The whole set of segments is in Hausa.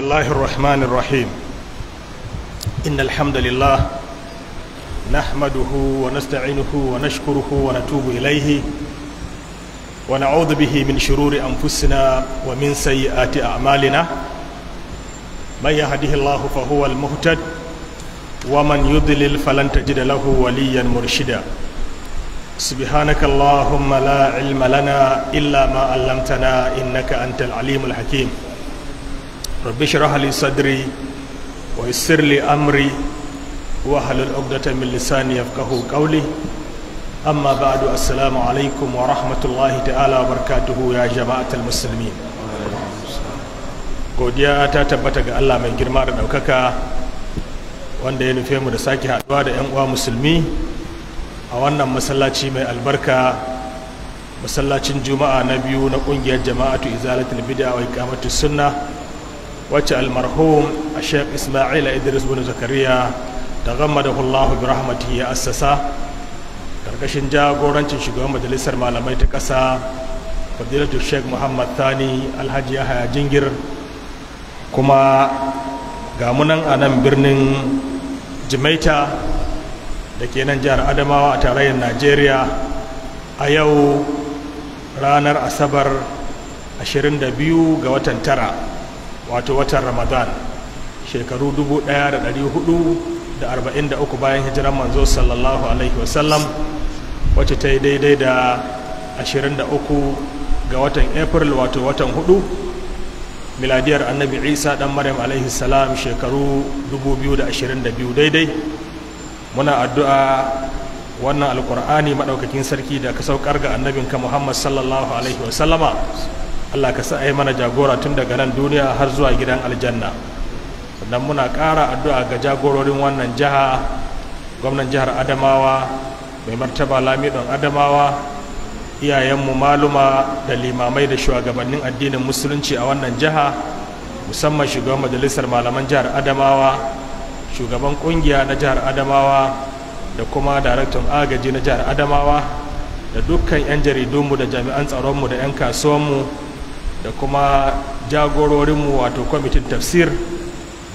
الله الرحمن الرحيم إن الحمد لله نحمده ونستعينه ونشكره ونتوب إليه ونعوذ به من شرور أنفسنا ومن سيئات أعمالنا من يهده الله فهو المهتد ومن يضلل فلن تجد له وليا مرشدا سبحانك اللهم لا علم لنا إلا ما علمتنا إنك أنت العليم الحكيم rabbi shirah sadri wa yassir amri wa halul uqdatan kahu lisani amma ba amma ba'du assalamu alaikum wa rahmatullahi ta'ala wa barakatuhu ya jama'atul muslimin godiya ta tabbata ga Allah mai girma da ɗaukaka wanda ya nufe mu da sake haɗuwa da 'yan uwa musulmi a wannan masallaci mai albarka masallacin juma'a na biyu na kungiyar jama'atu izalatul bid'a wa iqamatus sunnah wacce almarhum a sheikh ismail idris bin zakariya da da Hullahu bi rahmati ya assasa karkashin jagorancin shugaban majalisar malamai ta ƙasa fadilatu sheikh muhammad thani alhaji yahaya jingir kuma gamunan a nan birnin jimaita da ke nan jihar adamawa a tarayyar najeriya a yau ranar asabar 22 ga watan tara wato watan ramadan shekaru 1443 bayan hijiran manzo sallallahu alaihi wasallam wacce ta yi daidai da 23 ga watan april wato watan hudu miladiyar annabi isa dan maryam alaihi salam shekaru 2022 daidai muna addu'a wannan alkur'ani maɗaukakin sarki da ka saukar ga annabinka muhammad sallallahu alaihi wasallama Allah ka sa a yi mana jagora tun daga nan duniya har zuwa gidan aljanna sannan muna ƙara addu'a ga jagororin wannan jiha gwamnan jihar adamawa mai martaba lamidon adamawa iyayenmu maluma da limamai da shugabannin addinin musulunci a wannan jiha musamman shugaban majalisar malaman jihar adamawa shugaban kungiya na jihar adamawa da kuma daraktan agaji na jihar adamawa da dukkan 'yan jaridunmu da jami'an tsaronmu da 'yan kasuwanmu da kuma jagororinmu wato kwamitin tafsir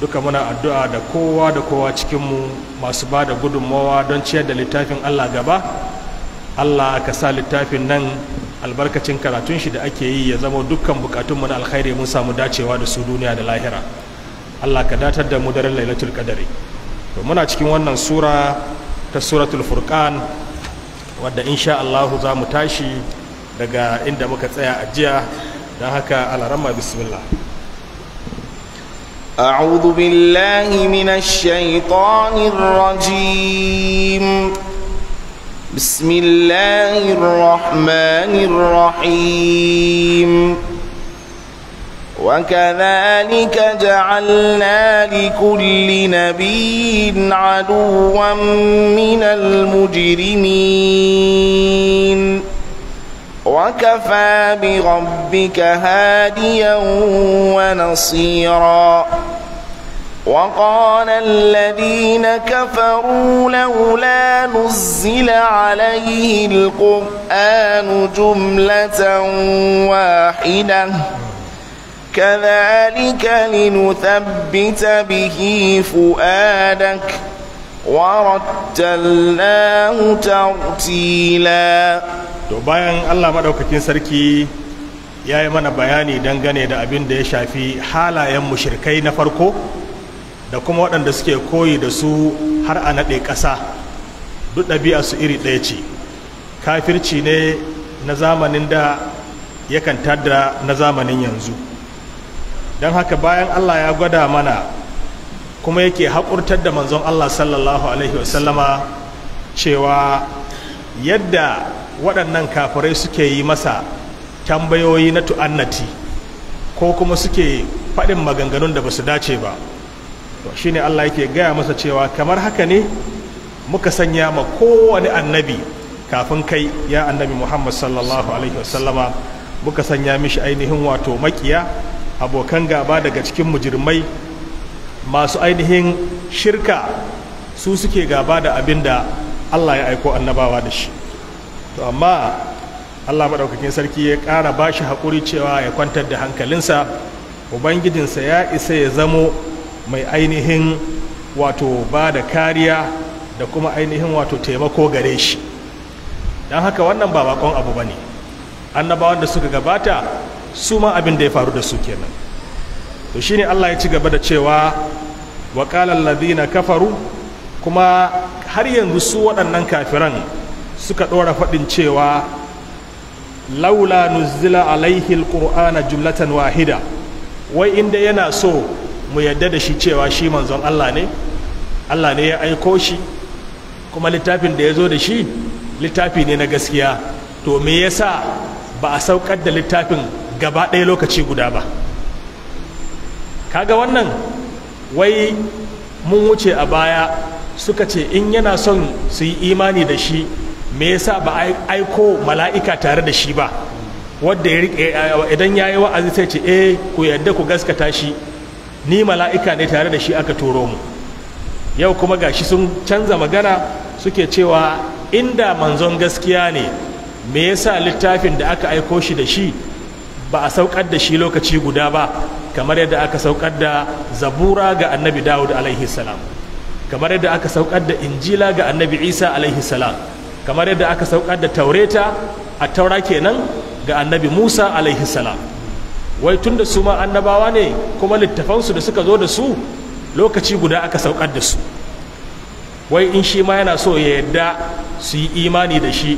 duka muna addu'a da kowa da kowa cikinmu masu ba da gudunmawa don ciyar da littafin allah gaba allah ka sa littafin nan albarkacin karatun shi da ake yi ya zama dukkan bukatunmu na alkhairi mun samu dacewa da su duniya da lahira allah ka datar da mu daren lailatul qadari to muna cikin wannan sura ta suratul furqan wadda insha allahu za mu tashi daga inda muka tsaya a jiya على رمى بسم الله أعوذ بالله من الشيطان الرجيم بسم الله الرحمن الرحيم وكذلك جعلنا لكل نبي عدوا من المجرمين وكفى بربك هاديا ونصيرا وقال الذين كفروا لولا نزل عليه القرآن جملة واحدة كذلك لنثبت به فؤادك ورتلناه ترتيلاً to bayan allah maɗaukakin sarki ya yi mana bayani dangane da abin da ya shafi halayen mushirkai na farko da kuma waɗanda suke koyi da su har a naɗe ƙasa duk ɗabi'a su iri ɗaya ce kafirci ne na zamanin da yakan tada na zamanin yanzu don haka bayan allah ya gwada mana kuma yake haƙurtar da manzon allah sallallahu alaihi wasallama cewa yadda waɗannan kafirai suke yi masa tambayoyi na tu'annati ko kuma suke faɗin maganganun da ba su dace ba Shin ne Allah yake gaya masa cewa kamar haka ne muka sanya ma kowane annabi kafin kai ya annabi Muhammad sallallahu alaihi wasallama muka sanya mishi ainihin wato makiya abokan gaba daga cikin mujirmai masu ainihin shirka su suke gaba da abin da Allah ya aiko annabawa da shi to amma allah maɗaukakin sarki ya ƙara ba shi haƙuri cewa ya kwantar da hankalinsa ubangijinsa ya isa ya zamo mai ainihin wato ba da kariya da kuma ainihin wato taimako gare shi don haka wannan ba bakon abu ba ne annabawan da suka gabata su ma abin da ya faru da su kenan to shine allah ya ci gaba da cewa wa na kafaru kuma har yanzu su waɗannan kafiran suka ɗora faɗin cewa laula nuzila alaihi alqur'ana jumlatan wahida wai inda yana so mu yadda da shi cewa shi manzon Allah ne Allah ne ya aiko shi kuma littafin da ya zo da shi littafi ne na gaskiya to me yasa ba a saukar da littafin gaba ɗaya lokaci guda ba kaga wannan wai mun wuce a baya suka ce in yana son su yi imani da shi me yasa ba aiko mala'ika tare da shi ba wadda ya rike idan ya yi wa'azi sai ce eh ku yadda ku gaskata shi ni mala'ika ne tare da shi aka turo mu yau kuma gashi sun canza magana suke cewa inda manzon gaskiya ne me yasa littafin da aka aiko shi da shi ba a saukar da shi lokaci guda ba kamar yadda aka saukar da zabura ga annabi dawud alaihi salam kamar yadda aka saukar da injila ga annabi isa alaihi salam kamar yadda aka saukar da taureta a taura kenan ga annabi musa alaihi salam wai tun da su ma annabawa ne kuma littafansu da suka zo da su lokaci guda aka saukar da su wai in shi ma yana so ya yadda su yi imani da shi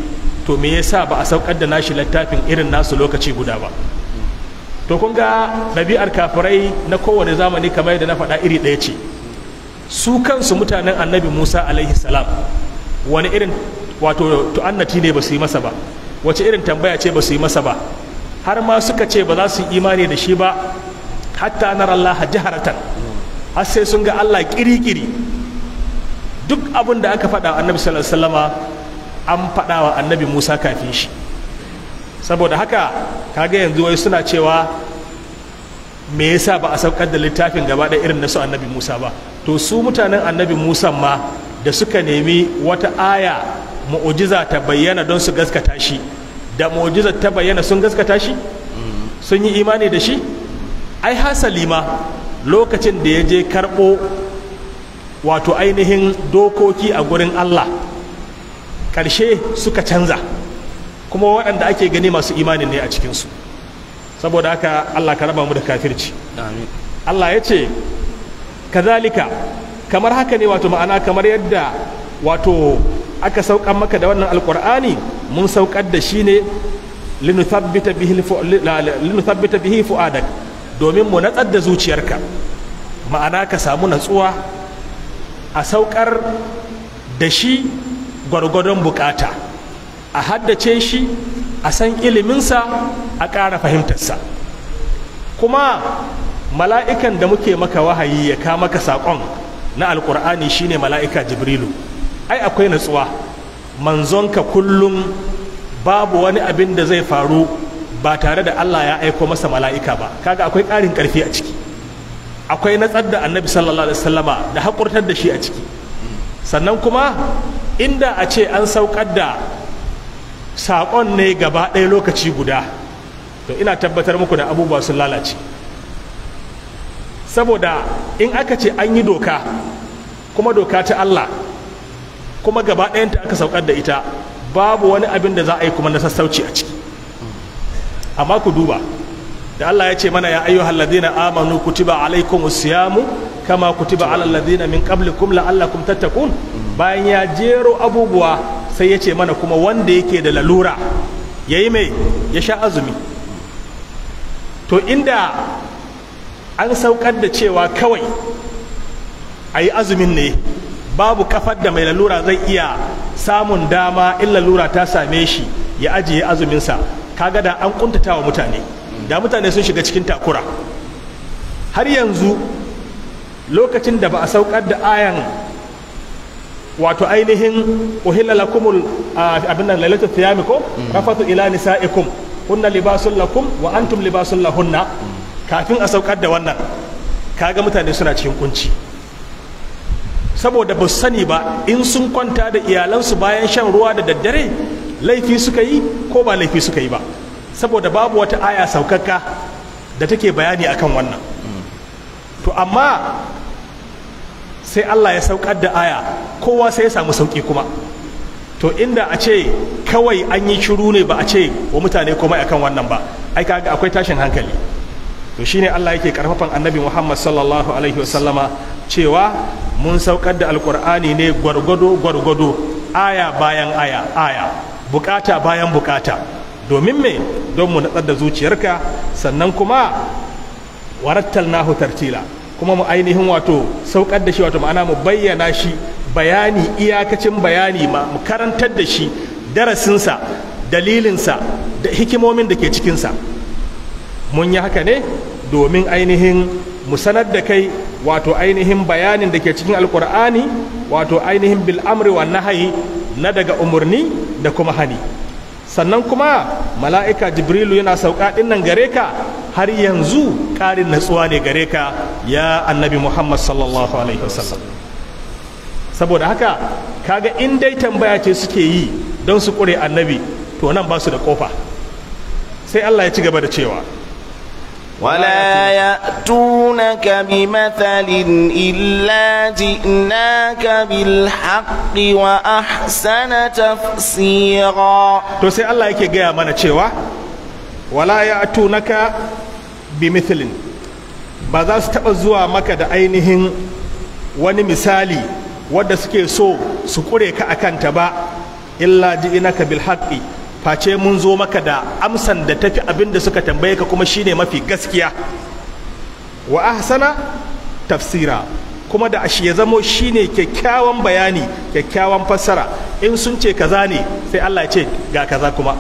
to me yasa ba a saukar da nashi littafin irin nasu lokaci guda ba to kun ga ɗabi'ar kafirai na kowane zamani kamar yadda na faɗa iri ɗaya ce su kansu mutanen annabi musa alaihi salam wani irin wato tu'annati ne ba su yi masa ba wace irin tambaya ce ba su yi masa ba har ma suka ce ba za su yi imani da shi ba hatta nar Allah jaharatan har sai sun ga Allah kirikiri duk abin da aka faɗa annabi sallallahu an faɗa wa annabi Musa kafin shi saboda haka kaga yanzu wai suna cewa me yasa ba a saukar da littafin gaba da irin na su annabi Musa ba to su mutanen annabi Musa ma da suka nemi wata aya mu'ujiza ta bayyana don su gaskata shi da mu'ujiza ta bayyana sun gaskata shi sun yi imani da shi ai hasali ma lokacin da ya je karɓo wato ainihin dokoki a gurin Allah ƙarshe suka canza kuma waɗanda ake gani masu imani ne a cikinsu saboda haka Allah ka raba mu da kafirci Allah ya ce kazalika kamar haka ne wato ma'ana kamar yadda wato aka saukan maka da wannan alkur'ani mun saukar da shi ne linuthabita bihi fu'adak domin mu natsar da zuciyarka ma'ana ka samu natsuwa a saukar da shi gwargwadon bukata a haddace shi a san iliminsa a ƙara fahimtarsa kuma mala'ikan da muke maka wahayi ya ka maka saƙon na alƙur'ani shine mala'ika jibrilu ai akwai natsuwa manzonka kullum babu wani abin da zai faru ba tare da Allah ya aiko masa mala'ika ba kaga akwai ƙarin ƙarfi a ciki akwai natsar da annabi sallallahu alaihi wasallama da haƙurtar da shi a ciki sannan kuma inda a ce an saukar da saƙon ne gaba ɗaya lokaci guda to ina tabbatar muku da abubuwa sun lalace saboda in aka ce an yi doka kuma doka ta Allah kuma gaba ɗayanta aka saukar da ita babu wani abin da za a yi kuma na sassauci a ciki amma ku duba da Allah ya ce mana ya ayyuhal ladina amanu kutiba alaikum siyamu kama kutiba alal ladina min qablikum la'allakum tattaqun bayan ya jero abubuwa sai ya ce mana kuma wanda yake da lalura yayi mai ya sha azumi to inda an saukar da cewa kawai ayi azumin ne babu kafar da mai lalura zai iya samun dama in lalura ta same shi ya ajiye azuminsa kaga da an kuntata wa mutane da mutane sun shiga cikin takura har yanzu lokacin da ba a saukar da ayan wato ainihin uhilla lakumul abin nan ta ko mm. rafatu ila nisaikum hunna libasun lakum wa antum libasun lahunna mm. kafin a saukar da wannan kaga mutane suna cikin kunci saboda ba sani ba in sun kwanta da iyalansu bayan shan ruwa da daddare laifi suka yi ko ba laifi suka yi ba saboda babu wata aya saukakka da take bayani akan wannan to amma sai Allah ya saukar da aya kowa sai ya samu sauki kuma to inda a ce kawai an yi shiru ne ba a ce wa mutane komai akan wannan ba ai kaga akwai tashin hankali to shine Allah yake karfafan annabi Muhammad sallallahu alaihi wasallama cewa mun saukar da alkur'ani ne gwargwado gwargwado aya bayan aya aya bukata bayan bukata domin me don mu natsar da zuciyarka sannan kuma warattal nahu tartila kuma mu ainihin wato saukar da shi wato ma'ana mu bayyana shi bayani iyakacin bayani ma mu karantar da shi darasinsa dalilinsa da hikimomin da ke cikinsa mun yi haka ne domin ainihin mu sanar da kai wato ainihin bayanin da ke cikin alkur'ani wato ainihin bil amri wa nahayi na daga umarni da kuma hani sannan kuma mala'ika jibrilu yana sauka dinnan nan gare ka har yanzu karin natsuwa ne gare ka ya annabi muhammad sallallahu alaihi wasallam saboda haka kaga in dai tambaya ce suke yi don su ƙure annabi to nan ba su da kofa sai allah ya ci gaba da cewa ولا يأتونك بمثل إلا wa بالحق وأحسن تفسيرا to sai Allah yake gaya mana cewa wala ya'tunaka bimithlin ba za su taba zuwa maka da ainihin wani misali wadda suke so su kure ka akanta ba illa ji'inaka bil haqqi face mun zo maka da amsan da tafi abin da suka tambaye ka kuma shine mafi gaskiya wa ahsana tafsira kuma da ashi ya zamo shine kyakkyawan bayani kyakkyawan fassara in sun ce kaza ne sai Allah ya ce ga kaza kuma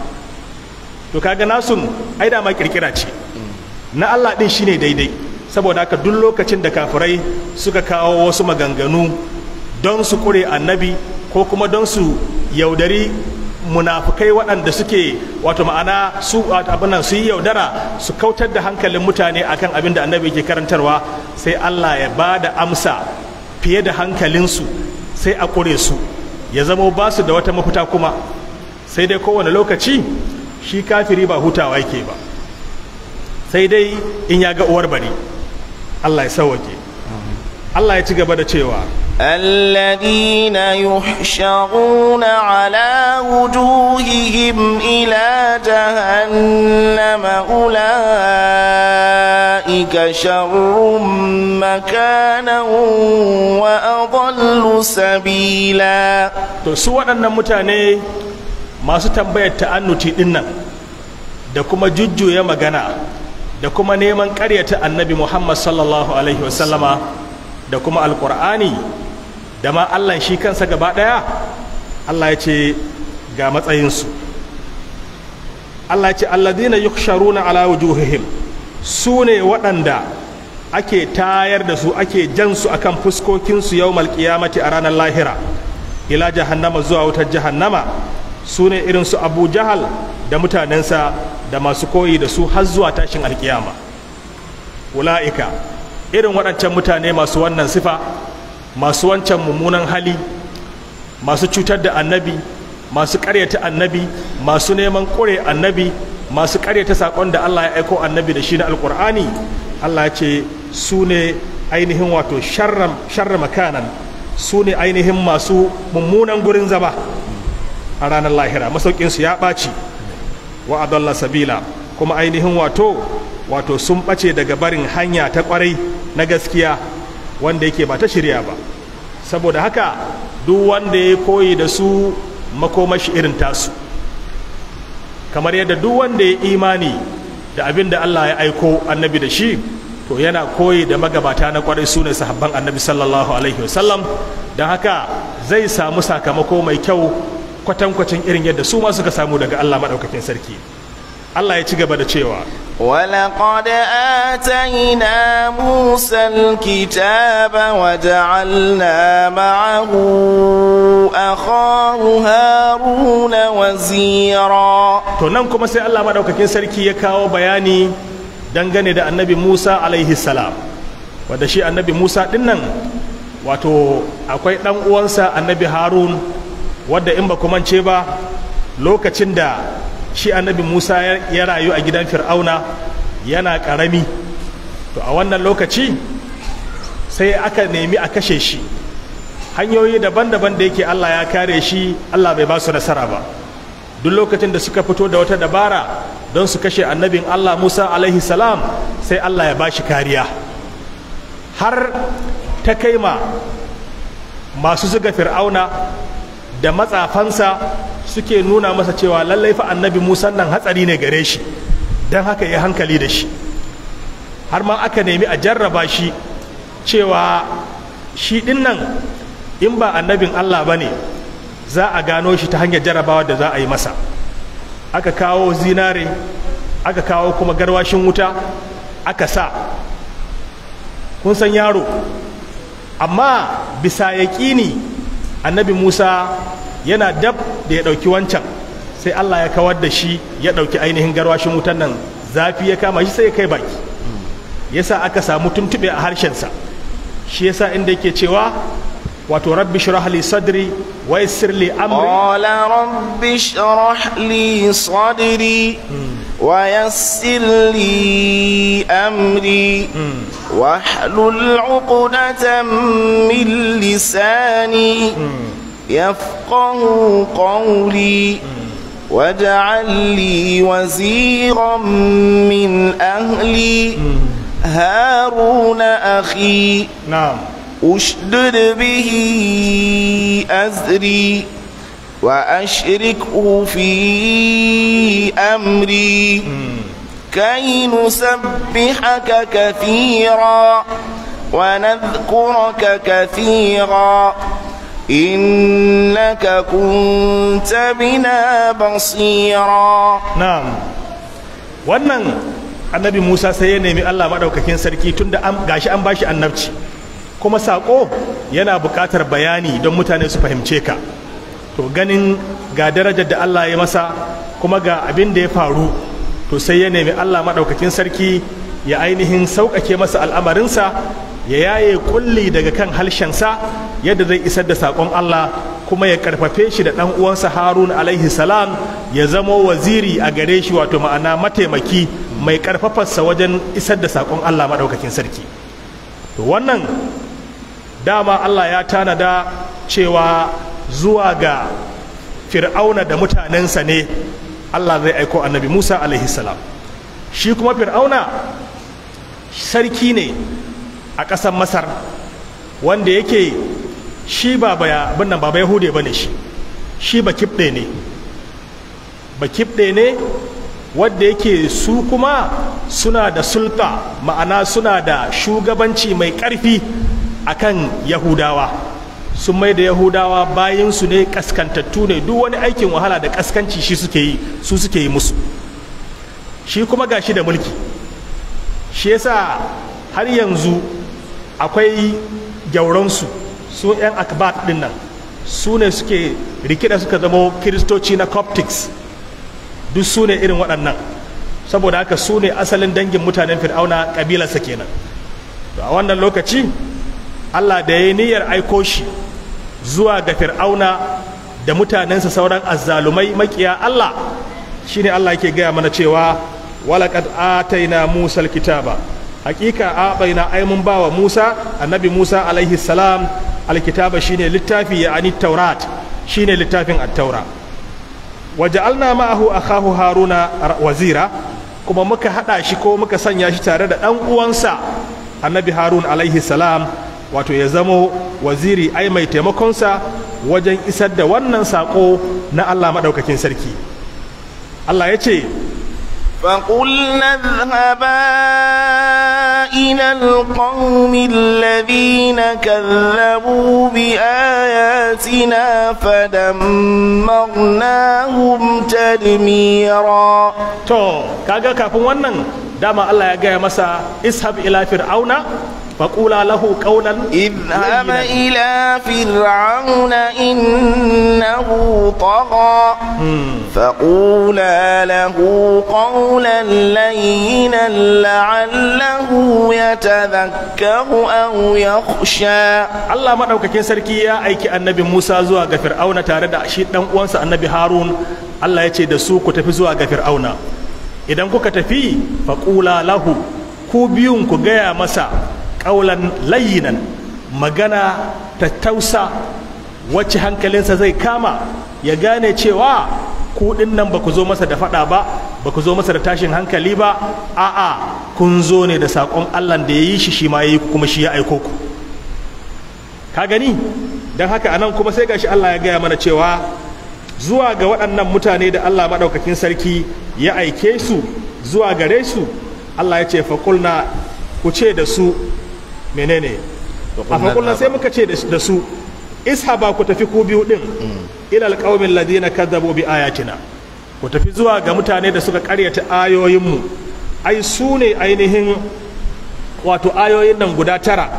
to kaga nasun ai da ma kirkira ce na Allah din shine daidai saboda haka duk lokacin da kafirai suka kawo wasu maganganu don su kure annabi ko kuma don su yaudari munafukai waɗanda suke wato ma'ana su abin nan su yi yaudara su kautar da hankalin mutane akan abin da annabi ke karantarwa sai Allah ya ba da amsa fiye da hankalinsu sai a kore su ya zama ba su da wata mafita kuma sai dai kowane lokaci shi kafiri ba hutawa yake ba sai dai in ya ga uwar bari Allah ya sauwake Allah ya ci gaba da cewa الذين يحشرون على وجوههم إلى جهنم أولئك شر مكانا وأضل سبيلا to su waɗannan mutane masu tambayar ta'annuti ɗin nan da kuma jujjuya magana da kuma neman ƙaryata annabi muhammad sallallahu alaihi wasallama da kuma alƙur'ani da ma Allah shi kansa gaba ɗaya Allah ya ce ga matsayinsu Allah ya ce alladina yuksharuna ala wujuhihim su ne waɗanda ake tayar da su ake jan su akan fuskokinsu yau malkiyamati a ranar lahira ila jahannama zuwa wutar jahannama su ne irin su abu jahal da mutanensa da masu koyi da su har zuwa tashin alkiyama ula'ika irin waɗancan mutane masu wannan sifa masu wancan mummunan hali masu cutar da annabi masu karyata annabi masu neman kure annabi masu karyata sakon da Allah ya aiko annabi da shi na alkur'ani Allah ya ce su ne ainihin wato sharra makanan su ne ainihin masu mummunan gurin zama a ranar lahira masaukinsu ya ɓaci wa adalla sabila kuma ainihin wato wato sun ɓace daga barin hanya ta ƙwarai na gaskiya wanda yake ba ta shirya ba saboda haka duk wanda ya koyi da su makomashi irin tasu kamar yadda duk wanda ya imani da abin da Allah ya aiko annabi da shi to yana koyi da magabata na kwarai su ne sahabban annabi sallallahu alaihi wasallam don haka zai samu sakamako mai kyau kwatankwacin irin yadda su ma suka samu daga Allah maɗaukakin sarki Allah ya ci gaba da cewa ولقد آتينا موسى الكتاب وجعلنا معه أخاه هارون وزيرا to nan kuma sai Allah madaukakin sarki ya kawo bayani dangane da annabi Musa alaihi salam wanda shi annabi Musa ɗinnan wato akwai dan uwansa annabi Harun wanda in ba kuma ce ba lokacin da shi annabi musa ya rayu a gidan fir'auna yana karami to a wannan lokaci sai aka nemi a kashe shi hanyoyi daban-daban da yake allah ya kare shi allah bai ba su nasara ba duk lokacin da suka fito da wata dabara don su kashe annabin allah musa alaihi salam sai allah ya ba shi kariya har ta kai ma masu zuga fir'auna da matsafansa suke nuna masa cewa lallai fa annabi musan nan hatsari ne gare shi don haka ya hankali da shi har ma aka nemi a jarraba shi cewa shi din nan in ba annabin allah ba ne za a gano shi ta hanyar jarrabawa da za a yi masa aka kawo zinare aka kawo kuma garwashin wuta aka sa kun san yaro amma bisa ya yaƙini annabi musa yana dab da ya ɗauki wancan sai Allah ya kawar da shi ya ɗauki ainihin garwashin wutan nan zafi ya kama shi sai ya kai baki yasa aka samu tuntuɓe a harshensa shi yasa inda yake cewa wato rabbi shrah li sadri wa yassir li amri qala rabbi shrah li sadri wa yassir li amri wahlul 'uqdatam min lisani يفقهوا قولي واجعل لي وزيرا من أهلي هارون أخي نعم أشدد به أزري وأشركه في أمري كي نسبحك كثيرا ونذكرك كثيرا innaka kunta bina basira naam wannan annabi Musa sai ya nemi Allah madaukakin sarki tunda an gashi an bashi annabci kuma sako yana bukatar bayani don mutane su fahimce ka to ganin ga darajar da Allah ya masa kuma ga abin da ya faru to sai ya nemi Allah madaukakin sarki ya ainihin sauƙaƙe masa al'amarinsa ya yaye kulli daga kan halshensa yadda zai isar da saƙon Allah kuma ya ƙarfafe shi da ɗan uwansa Harun alaihi salam ya zamo waziri a gare shi wato ma'ana mataimaki mai ƙarfafarsa wajen isar da saƙon Allah maɗaukakin sarki to wannan dama Allah ya tanada cewa zuwa ga fir'auna da mutanensa ne Allah zai aiko annabi Musa alaihi salam shi kuma fir'auna sarki ne a ƙasar masar wanda yake shi ba baya abin nan baba ba bane shi shi ba kibde ne ba kibde ne wadda yake su kuma suna da sulta ma'ana suna da shugabanci mai ƙarfi akan yahudawa sun mai da yahudawa bayansu ne kaskantattu ne duk wani aikin wahala da kaskanci shi suke yi su suke yi musu shi kuma gashi da mulki shi yasa har yanzu akwai gyauransu su 'yan akabat din nan su ne suke rikida suka zama kiristoci na coptics duk su ne irin waɗannan saboda haka su ne asalin dangin mutanen fir'auna ƙabilarsa kenan to a wannan lokaci allah da ya yi niyyar aiko shi zuwa ga fir'auna da mutanensa sauran azzalumai makiya allah shine allah yake gaya mana cewa walaƙad ataina musa kitaba hakika a baina ai bawa Musa annabi Musa alaihi salam alkitaba shine littafi ya ani taurat shine littafin attaura waja'alna ma'ahu akahu haruna wazira kuma muka hada shi ko muka sanya shi tare da dan uwansa annabi harun alaihi salam wato ya zamo waziri ai mai taimakonsa wajen isar da wannan sako na Allah madaukakin sarki Allah ya ce فقلنا اذهبا إلى القوم الذين كذبوا بآياتنا فدمرناهم تدميرا تو كاغا كافون wannan dama Allah ya gaya masa ishab ila fir'auna فقولا له قولا اذهب الى فرعون انه طغى hmm. فقولا له قولا لينا لعله يتذكر او يخشى الله ما daukakin sarki ya aiki annabi Musa zuwa ga Fir'auna tare da shi dan uwansa annabi Harun Allah ya ce da su ku tafi zuwa ga Fir'auna idan kuka tafi faƙula lahu ku biyun ku gaya masa ƙaulan layinan magana ta tausa wacce hankalinsa zai kama ya gane cewa kuɗin nan ba ku zo masa da faɗa ba ba ku zo masa da tashin hankali ba a'a kun zo ne da saƙon allah da ya yi shi shi ma ya yi kuma shi ya aiko ku ka gani don haka anan kuma sai gashi allah ya gaya mana cewa zuwa ga waɗannan mutane da Allah maɗaukakin sarki ya aike su zuwa gare su Allah ya ce faƙulna ku ce da su menene a faƙulna sai muka ce da su ishaba ku tafi ku biyu ɗin mm. ilal ƙaumin ladina kadzabu bi ayatina ku tafi zuwa ga mutane da suka ƙaryata ayoyinmu ai su ne ainihin wato ayoyin nan guda tara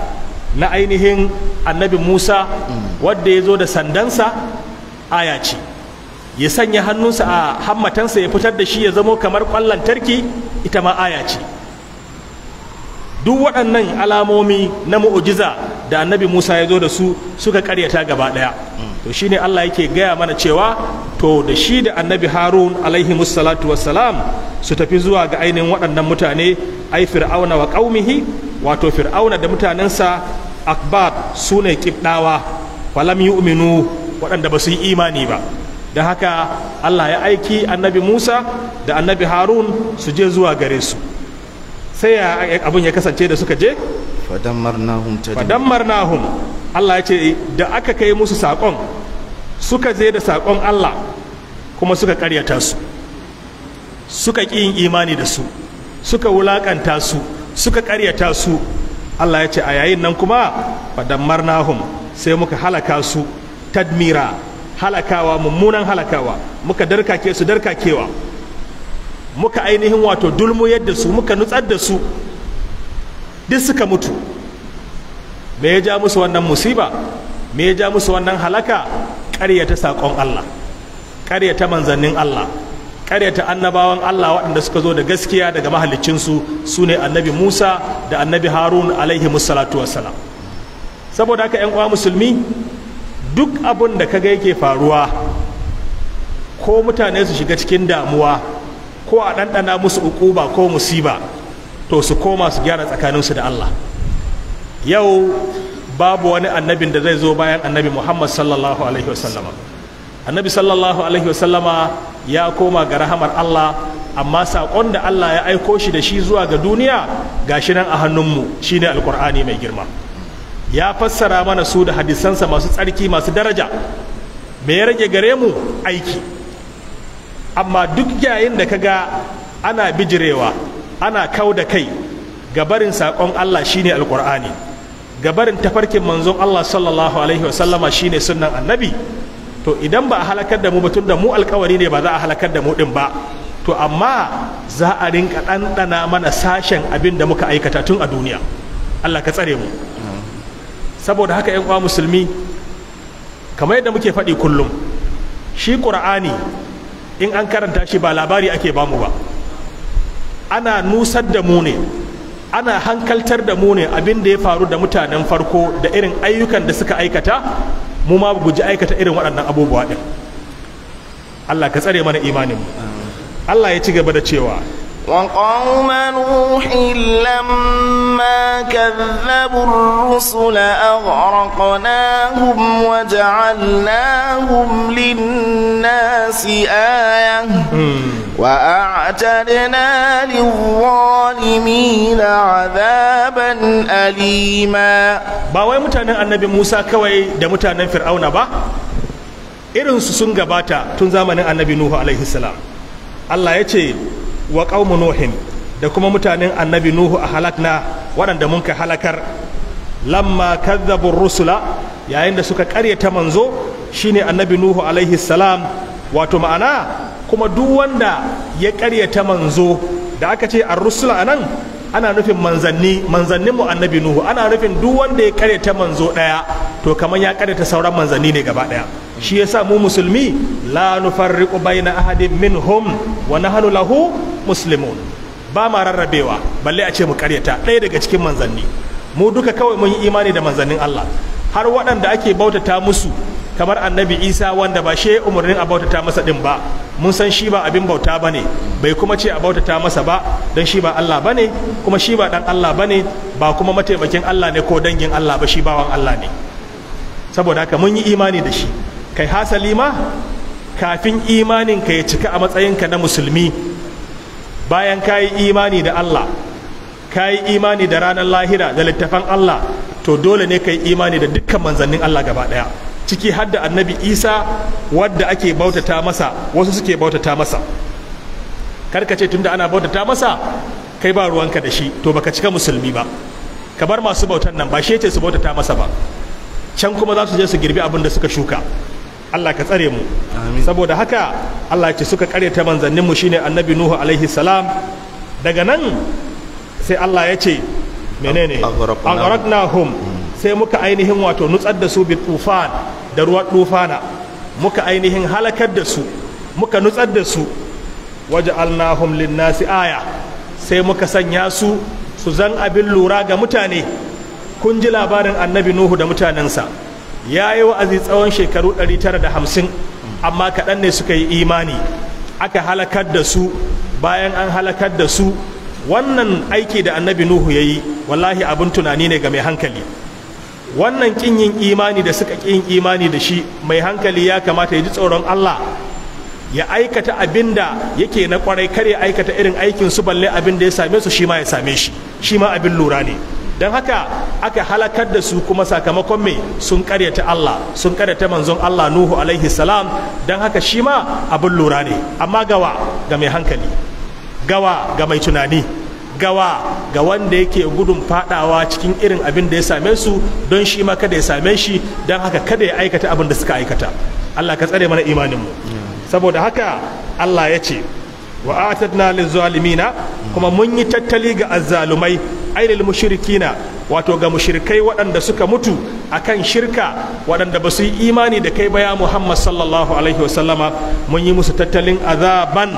na ainihin annabi musa mm. wadda ya zo da sandansa aya ce ya sanya hannunsa a hammatansa ya fitar da shi ya zamo kamar kwallon tarki ita ma aya ce duk waɗannan alamomi na mu'ujiza da annabi musa ya zo da su suka karyata gaba ɗaya to shine allah yake gaya mana cewa to da shi da annabi harun alaihi musallatu wassalam su tafi zuwa ga ainihin waɗannan mutane ai fir'auna wa ƙaumihi wato fir'auna da mutanensa akbar su ne ƙibɗawa falam yu'minu waɗanda ba su yi imani ba da haka Allah ya aiki annabi Musa da annabi Harun su je zuwa gare su sai abin ya kasance da suka je fadammarnahum Allah ya ce da aka kai musu saƙon suka je da saƙon Allah kuma suka karyata su suka ƙi yin imani da su suka wulaƙanta su suka karyata su Allah ya ce a yayin nan kuma fadammarnahum sai muka halaka su tadmira halakawa mummunan halakawa muka darkake su darkakewa muka ainihin wato dulmu yadda su muka nutsar da su duk suka mutu me ya ja musu wannan musiba me ya ja musu wannan halaka ƙaryata saƙon Allah ƙaryata manzannin Allah ƙaryata annabawan Allah waɗanda suka zo da gaskiya daga mahaliccinsu su ne annabi Musa da annabi Harun alaihi musallatu wassalam saboda haka ƴan uwa musulmi duk abin da kaga yake faruwa ko mutane su shiga cikin damuwa ko a ɗanɗana musu ukuba ko musiba to su koma su gyara tsakaninsu da Allah yau babu wani annabin da zai zo bayan annabi Muhammad sallallahu alaihi wasallama annabi sallallahu alaihi wasallama ya koma ga rahamar Allah amma saƙon da Allah ya aiko shi da shi zuwa ga duniya gashi nan a hannunmu shine alkur'ani mai girma ya fassara mana su da hadisansa masu tsarki masu daraja me ya rage gare mu aiki amma duk yayin da ka ga ana bijirewa ana kau da kai gabarin saƙon Allah shine alƙur'ani gabarin tafarkin manzon Allah sallallahu alaihi wasallama shine sunnan annabi to idan ba a halakar da mu batun da mu alkawari ne ba za a halakar da mu din ba to amma za a rinka ɗanɗana mana sashen abin da muka aikata tun a duniya Allah ka tsare mu saboda haka yan uwa musulmi kamar yadda muke faɗi kullum shi ƙur'ani in an karanta shi ba labari ake bamu ba ana nusar da mu ne ana hankaltar da mu ne abin da ya faru da mutanen farko da irin ayyukan da suka aikata mu ma guji aikata irin waɗannan abubuwa ɗin Allah ka tsare mana imanin Allah ya ci gaba da cewa وقوم نوح لما كذبوا الرسل أغرقناهم وجعلناهم للناس آية وأعتدنا للظالمين عذابا أليما باوي متانا النبي موسى كوي دا متانا فرعون با irinsu sun gabata tun zamanin نوح عليه السلام salam Allah ya ce wa qaumu nuhin da kuma mutanen annabi nuhu a halakna waɗanda mun ka halakar lamma kadzabu rusula yayin da suka ta manzo shine annabi nuhu alaihi salam wato ma'ana kuma duk wanda ya karyata manzo da aka ce ar-rusula anan ana nufin manzanni manzannin mu annabi nuhu ana nufin duk wanda ya ta manzo daya to kamar ya karyata sauran manzanni ne gaba daya shi yasa mu musulmi la nufarriqu baina ahadin minhum wa nahnu lahu muslimun ba ma rarrabewa balle a ce mu karyata ɗaya daga cikin manzanni mu duka kawai mun yi imani da manzannin Allah har waɗanda ake bautata musu kamar annabi isa wanda ba shi umarnin a bautata masa ɗin ba mun san shi ba abin bauta ba ne bai kuma ce a bautata masa ba don shi ba allah ba ne kuma shi ba ɗan allah ba ne ba kuma mataimakin allah ne ko dangin allah ba shi bawan allah ne saboda haka mun yi imani da shi kai hasali ma kafin imanin ka ya cika a matsayinka na musulmi bayan ka yi imani da Allah ka yi imani da ranar lahira da littafan Allah to dole ne ka yi imani da dukkan manzannin Allah gaba daya ciki har da annabi Isa wadda ake bautata masa wasu suke bautata masa karka ce tunda ana bautata masa kai ba ruwanka da shi to baka cika musulmi ba ka bar masu bautan nan ba shi ce su bautata masa ba can kuma za su je su girbi abin da suka shuka Allah ka tsare mu saboda haka Allah ce suka ta manzannin mu shine annabi nuhu alaihi salam daga nan sai Allah ya ce menene aghraqnahum mm. sai muka ainihin wato nutsar da su bi tufan da ruwan tufana muka ainihin halakar da su muka nutsar da su waja'alnahum lin-nasi aya sai muka sanya su su zan abin lura ga mutane kun ji labarin annabi nuhu da mutanensa ya yi wa'azi tsawon shekaru 950 amma kaɗan ne suka yi imani aka halakar da su bayan an halakar da su wannan aiki da annabi nuhu ya yi wallahi abin tunani ne ga mai hankali wannan ƙin yin imani da suka ƙin imani da shi mai hankali ya kamata ya ji tsoron allah ya aikata abin da yake na kwarai kare aikata irin aikin su balle abin da ya same su shi ma ya same shi shi ma abin lura ne don haka aka halakar da su kuma sakamakon me sun karyata Allah sun karyata manzon Allah Nuhu alaihi salam don haka shi ma abin lura ne amma gawa ga mai hankali gawa ga mai tunani gawa ga wanda yake gudun fadawa cikin irin abin da ya same su don shi ma kada ya same shi don haka kada ya aikata abin da suka aikata Allah ka tsare mana imaninmu saboda haka Allah ya ce wa atadna lizalimina kuma mun yi tattali ga azzalumai ainil mushrikina wato ga mushrikai waɗanda suka mutu akan shirka waɗanda ba su yi imani da kai baya Muhammad sallallahu alaihi wasallama mun yi musu tattalin azaban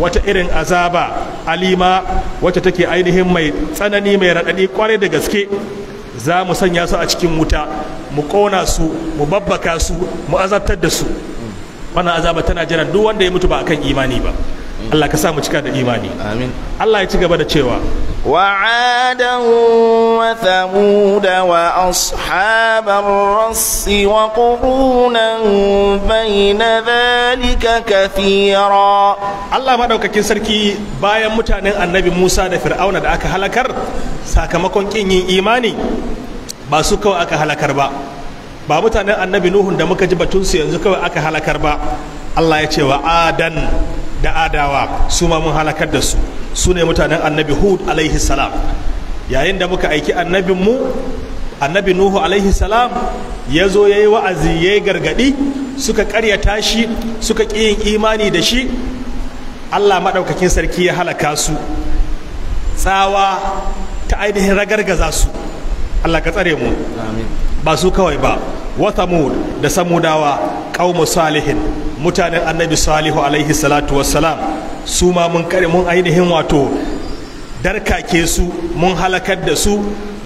wata irin azaba alima wacce take ainihin mai tsanani mai raɗaɗi kwarai da gaske za mu sanya su a cikin wuta mu ƙona su mu babbaka su mu azabtar da su wannan azaba tana jiran duk wanda ya mutu ba akan imani ba Allah ka sa cika da imani. Amin. Allah ya ci gaba da cewa. Waccan da huwa ta bude wa asxaban rasi wa kurunan bayana da ni kakafi yaro. Allah maɗaukakin sarki bayan mutanen annabi Musa da Fir'auna da aka halakar sakamakon ƙin yin imani ba su kawai aka halakar ba. Ba mutanen annabi nuhun da muka ji ba tunso yanzu kawai aka halakar ba. Allah ya ce wa a'dan. da adawa su ma mun halakar da su su ne mutanen annabi hud alaihi salam yayin da muka aiki mu annabi nuhu alaihi salam ya zo ya yi wa'azi ya yi gargaɗi suka karyata shi suka ƙi yin imani da shi allah maɗaukakin sarki ya halaka su tsawa ta ainihin ragargaza su allah ka tsare mu ba su kawai ba wata mu da samudawa ƙaumu salihin mutanen annabi salihu alaihi salatu wassalam su ma mun kare mun ainihin wato darkake su mun halakar da su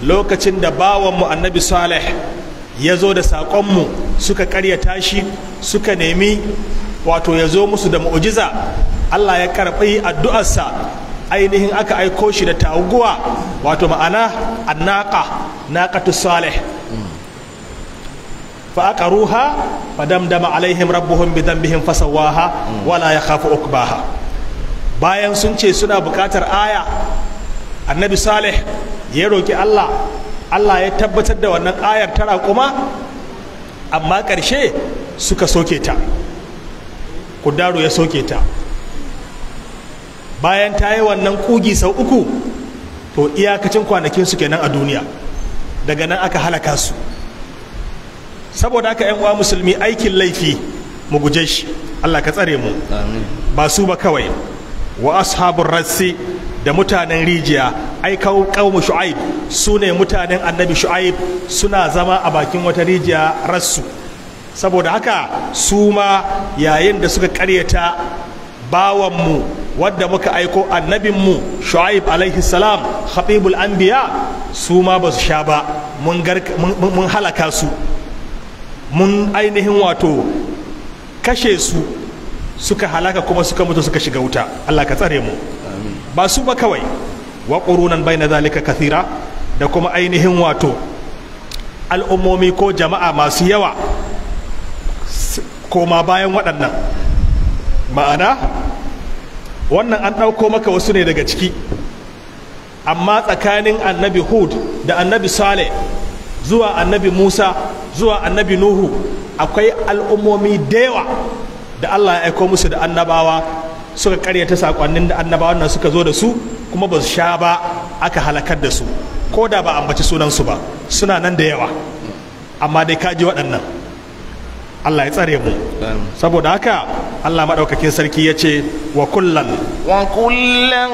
lokacin da bawanmu annabi salih ya zo da saƙonmu suka karyata shi suka nemi wato ya zo musu da mu'ujiza allah ya karɓi addu'arsa ainihin aka aiko shi da taguwa wato ma'ana annaka naƙatu salih fa ruha fa damdama alaihim rabbuhum bi dhanbihim fasawaha wala ukbaha bayan sun ce suna bukatar aya annabi salih ya roki Allah Allah ya tabbatar da wannan ayar tara kuma amma ƙarshe suka soke ta kudaru ya soke ta bayan ta yi wannan kugi sau uku to iyakacin kwanakin su kenan a duniya daga nan aka halaka su saboda haka yan uwa musulmi aikin laifi mu guje shi Allah ka tsare mu ba su ba kawai wa ashabur rassi da mutanen rijiya ai kawo shu'aib su ne mutanen annabi shu'aib suna zama a bakin wata rijiya rassu saboda haka su ma yayin da suka karyata mu wadda muka aiko annabinmu shu'aib alaihi salam Habibul anbiya su ma ba su sha ba mun halaka su mun ainihin wato kashe su suka halaka kuma suka mutu suka shiga wuta Allah ka tsare mu ba su ba kawai wa qurunan baina zalika kathira da kuma ainihin wato al'ummomi ko jama'a masu yawa koma bayan waɗannan ma'ana wannan an ɗauko maka wasu ne daga ciki amma tsakanin annabi hud da annabi Sale zuwa annabi musa zuwa annabi nuhu akwai al'ummomi da yawa da allah ya aiko musu da annabawa suka karyata sakonnin da annabawan nan suka zo da su kuma ba su sha ba aka halakar da su ko da ba ambaci sunansu ba suna nan da yawa amma dai kaji waɗannan Allah ya tsare mu saboda haka Allah madaukakin sarki ya ce wa kullan wa kullan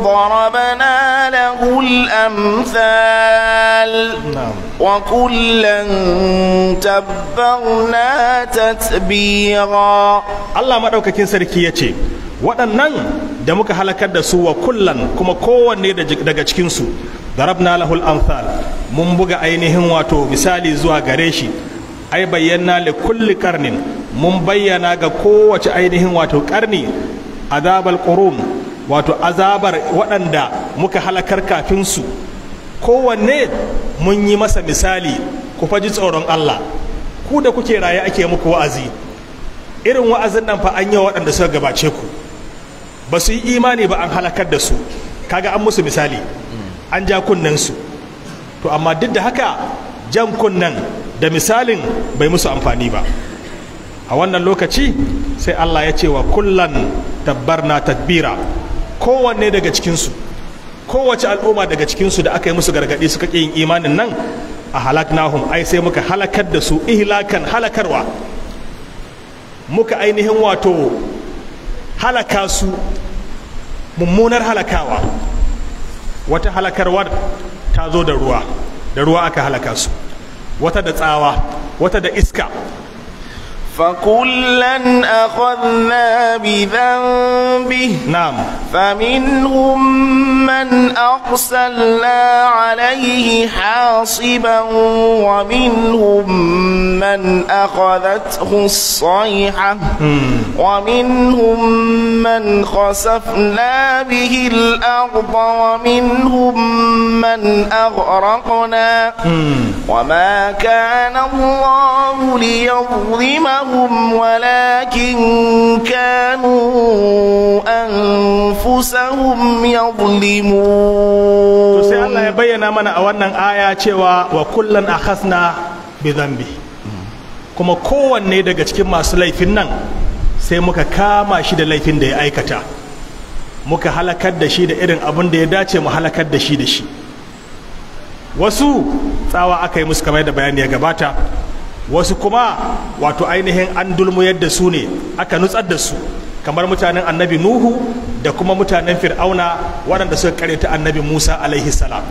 darabana lahul amsal wa kullan tabbarna tatbira Allah maɗaukakin sarki ya ce waɗannan da muka halakar da su wa kullan kuma kowanne daga cikinsu darabna lahul amsal mun buga ainihin wato misali zuwa gare shi ai bayyana le kulli karnin mun bayyana ga kowace ainihin wato karni azabal qurum wato azabar waɗanda muka halakar kafin su kowanne mun yi masa misali ku faji tsoron Allah ku da kuke raye ake muku wa'azi irin wa'azin nan fa an yi waɗanda suka gabace ku ba su yi imani ba an halakar da su kaga an musu misali an ja kunnen su to amma duk da haka jan kunnen da misalin bai musu amfani ba a wannan lokaci sai Allah ya ce wa kullan tabbar na tadbira kowanne daga cikinsu kowace al'umma daga cikinsu da aka yi musu gargaɗi suka ƙi yin imanin nan a halaknahum ai sai muka halakar da su ihlakan halakarwa muka ainihin wato halaka su mummunar halakawa wata halakarwar ta zo da ruwa da ruwa aka halaka su wata da tsawa wata da iska فكلا أخذنا بذنبه نعم فمنهم من أرسلنا عليه حاصبا ومنهم من أخذته الصيحة ومنهم من خسفنا به الأرض ومنهم من أغرقنا وما كان الله ليظلمهم لهم ولكن كانوا أنفسهم يظلمون تسي الله يبين من آية cewa wa kullum a hasna bizambi kuma kowanne daga cikin masu laifin nan sai muka kama shi da laifin da ya aikata muka halakar da shi da irin abin da ya dace mu halakar da shi da shi wasu tsawa aka yi musu kamar da bayani ya gabata wasu kuma wato ainihin an dulmu yadda su ne aka nutsar da su kamar mutanen annabi nuhu da kuma mutanen fir'auna waɗanda suka ta annabi musa alaihi salam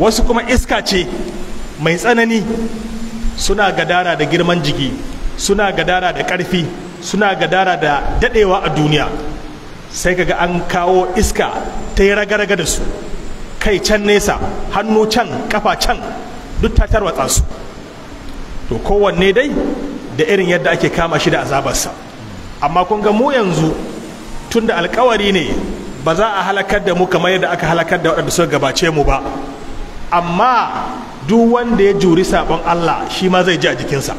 wasu kuma iska ce mai tsanani suna gadara da girman jiki suna gadara da ƙarfi suna gadara da daɗewa a duniya sai kaga an kawo iska ta yi raga-raga da su kai can nesa hannu can kafa can duk ta tarwatsa su to kowanne dai da irin yadda ake kama shi da azabarsa amma kun ga mu yanzu tun da alkawari ne ba za a halakar da mu kamar yadda aka halakar da waɗanda suka gabace mu ba amma duk wanda ya juri sabon Allah shi ma zai ji a jikinsa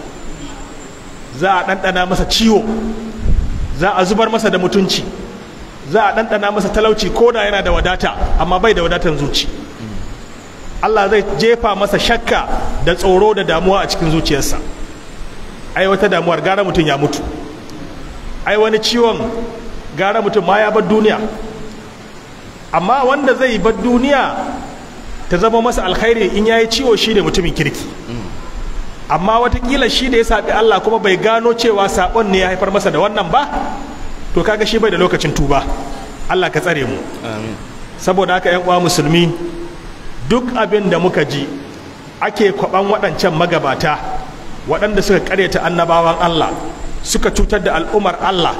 za a ɗanɗana masa ciwo za a zubar masa da mutunci za a ɗanɗana masa talauci ko da yana da wadata amma bai da wadatan zuci Allah zai jefa masa shakka da tsoro da damuwa a cikin zuciyarsa ai wata damuwar gara mutum ya mutu ai wani ciwon gara mutum ma ya bar duniya amma wanda zai bar duniya ta zama masa alkhairi in yayi ciwo shi ne mutumin kirki amma watakila shi da ya saɓi Allah kuma bai gano cewa saɓon ne ya haifar masa da wannan ba to kaga shi bai da lokacin tuba Allah ka tsare mu saboda haka yan uwa musulmi duk abin da muka ji ake kwaban waɗancan magabata waɗanda suka karyata annabawan Allah suka cutar da al'ummar Allah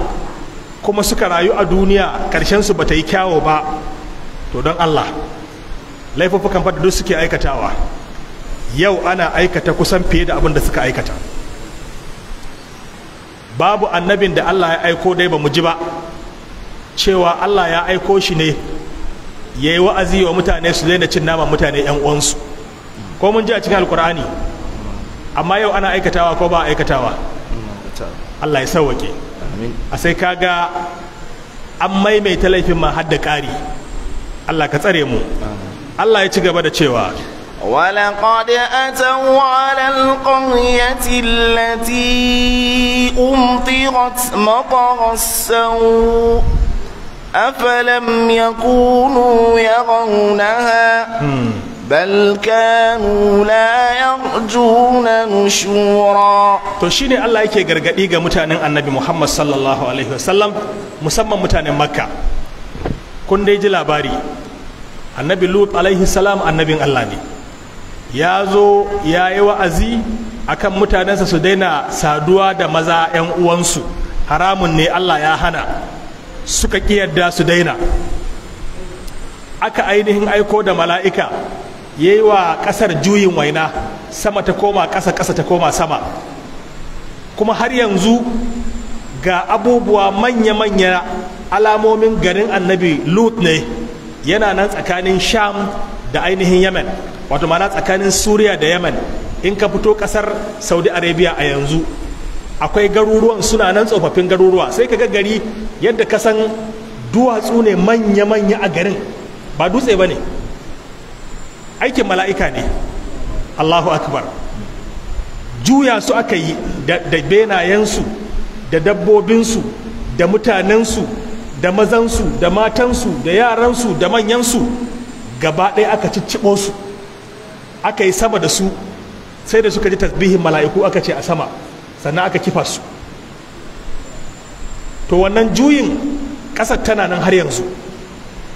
kuma suka rayu a duniya ƙarshensu ba ta yi kyawo ba to don Allah laifuffukan da duk suke aikatawa yau ana aikata kusan fiye da abin da suka aikata babu annabin da Allah ya aiko dai ba mu ji ba cewa Allah ya aiko shi ne ya yi wa'azi wa mutane su daina cin naman mutane yan uwansu ko mun ji a cikin alkur'ani amma yau ana aikatawa ko ba aikatawa Allah ya sauwake a sai ka ga an maimaita laifin ma hadda kari Allah ka tsare mu Allah ya ci gaba da cewa ولقد أتوا على القرية التي أمطرت مطر السوء أفلم يكونوا يرونها bal kanu la yarjuna nushura to shine Allah yake gargadi ga mutanen Annabi Muhammad sallallahu alaihi وسلم musamman mutanen Makka كون دي ji labari Annabi Lut alaihi salam annabin Allah ya zo ya yi wa'azi akan mutanensa su daina saduwa da maza 'yan uwansu haramun ne Allah ya hana suka kiyarda su daina aka ainihin aiko da mala'ika ya yi wa ƙasar juyin waina sama ta koma ƙasa ƙasa ta koma sama kuma har yanzu ga abubuwa manya-manya alamomin garin annabi lut ne yana nan tsakanin sham da ainihin yemen wato mana tsakanin suriya da yemen in ka fito ƙasar saudi arabia a yanzu akwai garuruwan suna nan tsofaffin garuruwa sai ka ga gari yadda ka san duwatsu ne manya-manya a garin ba dutse ba ne aikin mala'ika ne allahu akbar juya su aka yi da benayensu da dabbobinsu da mutanensu da mazansu da matansu da yaransu da manyansu gaba ɗaya aka cicciɓo su aka yi sama da su sai da suka ji tasbihin mala'iku aka ce a sama sannan aka kifa su to wannan juyin ƙasar tana nan har yanzu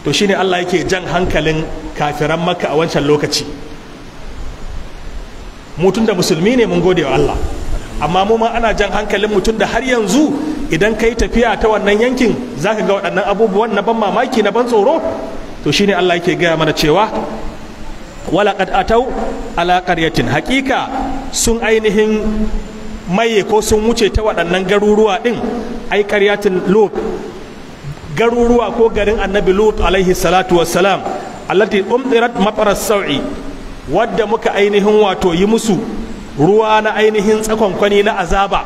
to shine Allah yake jan hankalin kafiran maka a wancan lokaci mutum da musulmi ne mun gode wa Allah amma mu ma ana jan hankalin mutum da har yanzu idan ka yi tafiya ta wannan yankin za ka ga waɗannan abubuwan na ban mamaki na ban tsoro to shine Allah yake gaya mana cewa walaƙad atau ala haƙiƙa sun ainihin maye ko sun wuce ta waɗannan garuruwa ɗin ai karyatin lot garuruwa ko garin annabi lot alaihi salatu wassalam allati umdirat mafarar sau'i wadda muka ainihin wato yi musu ruwa na ainihin tsakonkwani na azaba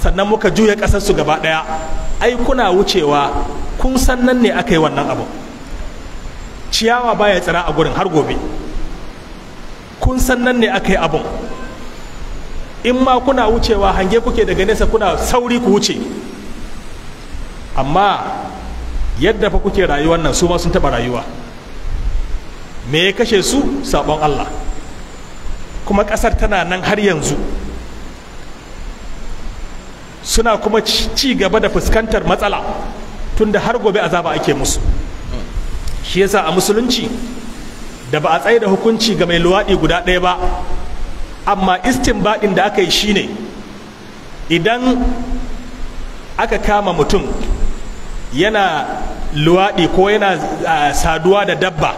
sannan muka juya ƙasarsu gaba ɗaya ai kuna wucewa kun san nan ne aka yi wannan abu ciyawa baya tsira a gurin har gobe kun san nan ne aka yi abun in ma kuna wucewa hange kuke daga nesa kuna sauri ku wuce amma yadda fa kuke rayuwar nan su ma sun taɓa rayuwa me ya kashe su Saɓon Allah kuma ƙasar tana nan har yanzu suna kuma ci gaba da fuskantar matsala tunda har gobe azaba ake musu shi yasa a musulunci da ba a tsaye da hukunci ga mai luwaɗi guda ɗaya ba amma baɗin da aka yi shine idan aka kama mutum yana luwaɗi ko yana saduwa da dabba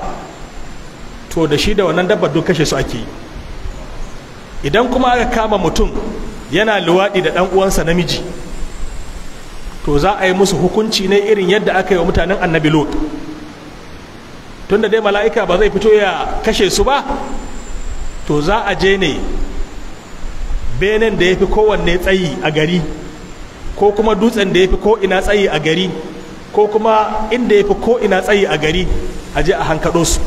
to da shi da wannan dabba duk kashe su ake idan kuma aka kama mutum yana luwaɗi da ɗan uwansa namiji to za a yi musu hukunci ne irin yadda aka yi wa mutanen annabi lot tunda dai mala'ika ba zai fito ya kashe su ba to za a je ne benen da ya fi kowanne tsayi a gari ko kuma dutsen da ya fi ko'ina tsayi a gari ko kuma inda ya fi ko'ina tsayi a gari a je a hankado su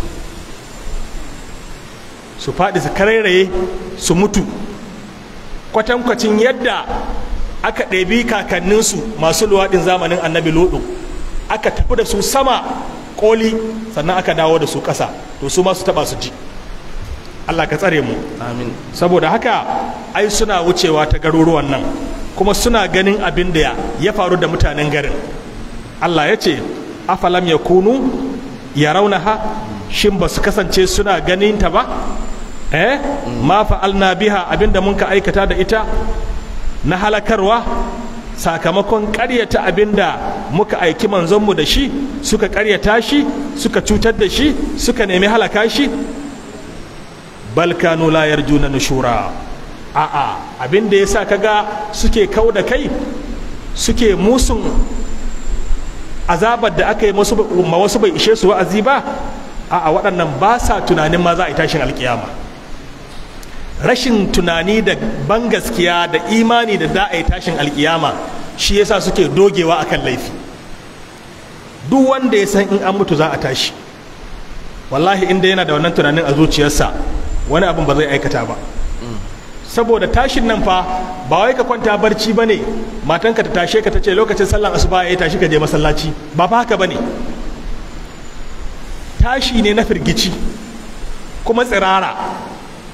su faɗi su karairaye su mutu kwatankwacin yadda aka ɗabi kakanninsu masu luwaɗin zamanin annabi lodo aka tafi da su sama koli sannan aka dawo da su ƙasa to su ma su taɓa su ji Allah ka tsare mu saboda haka ai suna wucewa ta garuruwan nan kuma suna ganin abin da ya faru da mutanen garin Allah ya ce afalam ya kunu ya raunaha shin ba su kasance suna ganin ta ba eh ma fa'alna biha abinda mun ka aikata da ita na halakarwa sakamakon ƙaryata abinda muka aiki manzonmu da shi suka karyata shi suka cutar da shi suka nemi halaka shi Balkanu layar la yarjuna nushura a'a abin da yasa kaga suke kau da kai suke musun azabar da aka yi ma wasu bai ishe su wa'azi ba a waɗannan ba sa tunanin ma za a yi tashin alkiyama rashin tunani da ban gaskiya da imani da za a yi tashin alkiyama shi yasa suke dogewa akan laifi duk wanda ya san in an mutu za a tashi wallahi inda yana da wannan tunanin a zuciyarsa wani abin ba zai aikata ba saboda tashin nan fa ba wai ka kwanta barci ba ne matanka ta tashe ka ta ce lokacin sallan asuba ya tashi ka je masallaci ba fa haka ba ne tashi ne na firgici kuma tsirara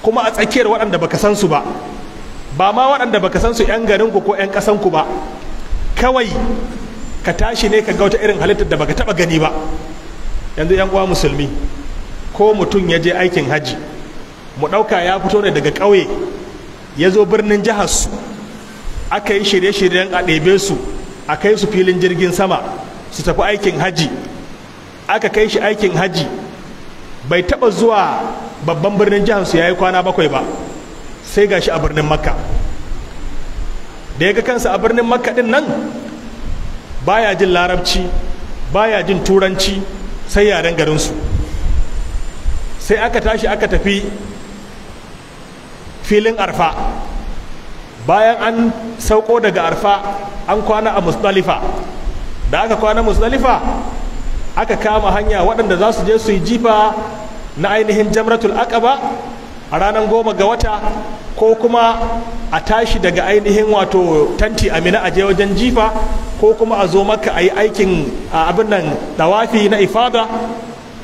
kuma a tsakiyar waɗanda baka san su ba ba ma waɗanda baka san su 'yan garinku ko 'yan ƙasanku ba kawai ka tashi ne ka ga irin halittar da baka taɓa gani ba yanzu 'yan uwa musulmi ko mutum ya je aikin hajji mu ɗauka ya fito ne daga ƙauye ya zo birnin jiharsu su aka yi shirye-shiryen a ɗebe su a kai su filin jirgin sama su tafi aikin haji aka kai shi aikin haji bai taɓa zuwa babban birnin jiharsu ya yi kwana bakwai ba sai ga shi a birnin makka da ya ga kansa a birnin makka ɗin nan baya jin larabci baya jin turanci sai yaren garinsu sai aka tashi aka tafi filin arfa bayan an sauko daga arfa an kwana a musdalifa da aka kwana musdalifa aka kama hanya waɗanda za su je su yi jifa na ainihin jamratul aqaba a ranar goma ga wata ko kuma a tashi daga ainihin wato tanti amina a je wajen jifa ko kuma a zo maka a yi aikin abin nan dawafi na ifada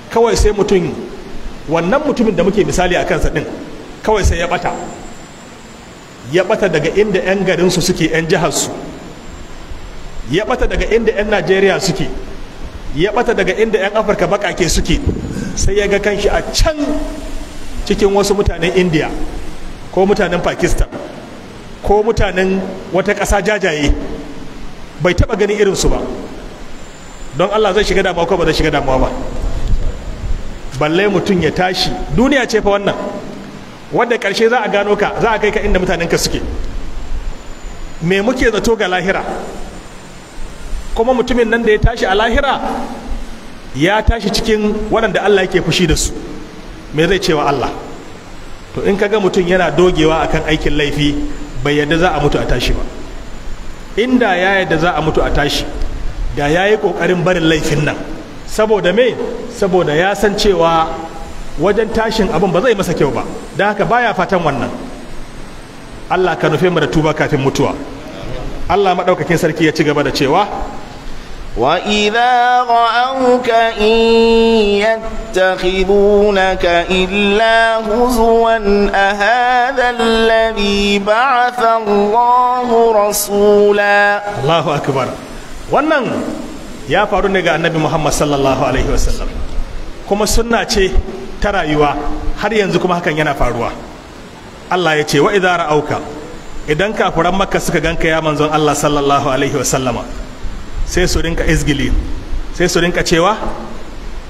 kawai sai mutum wannan mutumin da muke misali a kansa ɗin kawai sai ya bata ya bata daga inda 'yan garinsu suke 'yan jiharsu ya bata daga inda 'yan najeriya suke ya bata daga inda 'yan afirka bakake suke sai ya ga kanshi a can cikin wasu mutanen india ko mutanen pakistan ko mutanen wata ƙasa jajaye bai taɓa ganin irinsu ba don allah zai shiga damuwa ko ba zai shiga damuwa ba balle mutum ya tashi duniya ce fa wannan wadda karshe za a gano ka za a kai ka inda ka suke me muke zato ga lahira kuma mutumin nan da ya tashi a lahira ya tashi cikin waɗanda Allah yake fushi da su me zai cewa Allah to in ka ga mutum yana dogewa akan aikin laifi bai yadda za a mutu a tashi ba inda ya yadda za a mutu a tashi da ya yi ƙoƙarin barin laifin nan saboda me saboda ya san cewa wajen tashin abin ba zai masa kyau ba don haka baya fatan wannan Allah ka nufe mu da tuba kafin mutuwa Allah maɗaukakin sarki ya ci gaba da cewa وإذا ka إن يتخذونك إلا هزوا أهذا الذي بعث الله رسولا Allahu أكبر wannan ya faru ne ga annabi Muhammad sallallahu alaihi wasallam kuma sunna ce ta rayuwa har yanzu kuma hakan yana faruwa Allah ya ce wa idza ra'auka idan kafuran makka suka ganka ya manzon Allah sallallahu alaihi wa sallama sai su rinka izgili sai su rinka cewa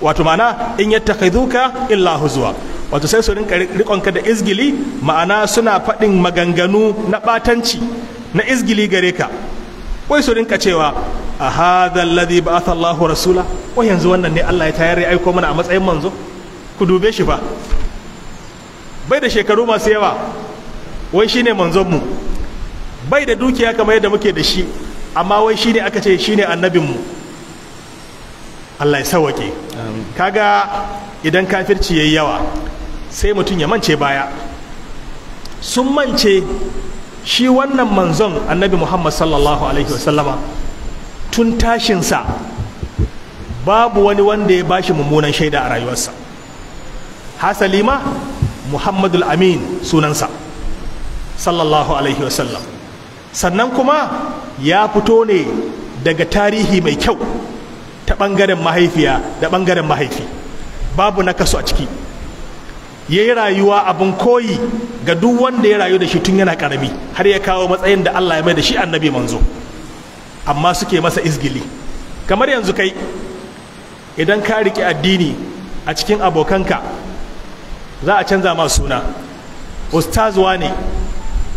wato ma'ana in yattakhiduka illa huzwa wato sai su rinka rikonka da izgili ma'ana suna fadin maganganu na batanci na izgili gare ka wai su rinka cewa a hadha alladhi ba'atha Allahu rasula wai yanzu wannan ne Allah ya tayar ya aiko mana a matsayin manzo ku dube shi ba bai da shekaru masu yawa wai shine mu bai da dukiya kamar yadda muke da shi amma wai shine aka ce shine annabinmu Allah ya sawake kaga idan kafirci yayi yawa sai mutum ya mance baya sun mance shi wannan manzon annabi Muhammad sallallahu alaihi wasallama tun tashinsa babu wani wanda ya bashi mummunan shaida a rayuwarsa hasali ma muhammadul amin sunansa sallallahu alaihi wasallam sannan kuma ya fito ne daga tarihi mai kyau ta ɓangaren mahaifiya da ɓangaren mahaifi babu na kasu a ciki ya yi rayuwa abin koyi ga duk wanda ya rayu da shi tun yana karami har ya kawo matsayin da Allah ya mai da shi annabi manzo amma suke masa izgili kamar yanzu kai idan ka riƙe addini a cikin abokanka za a canza ma suna ustaz ne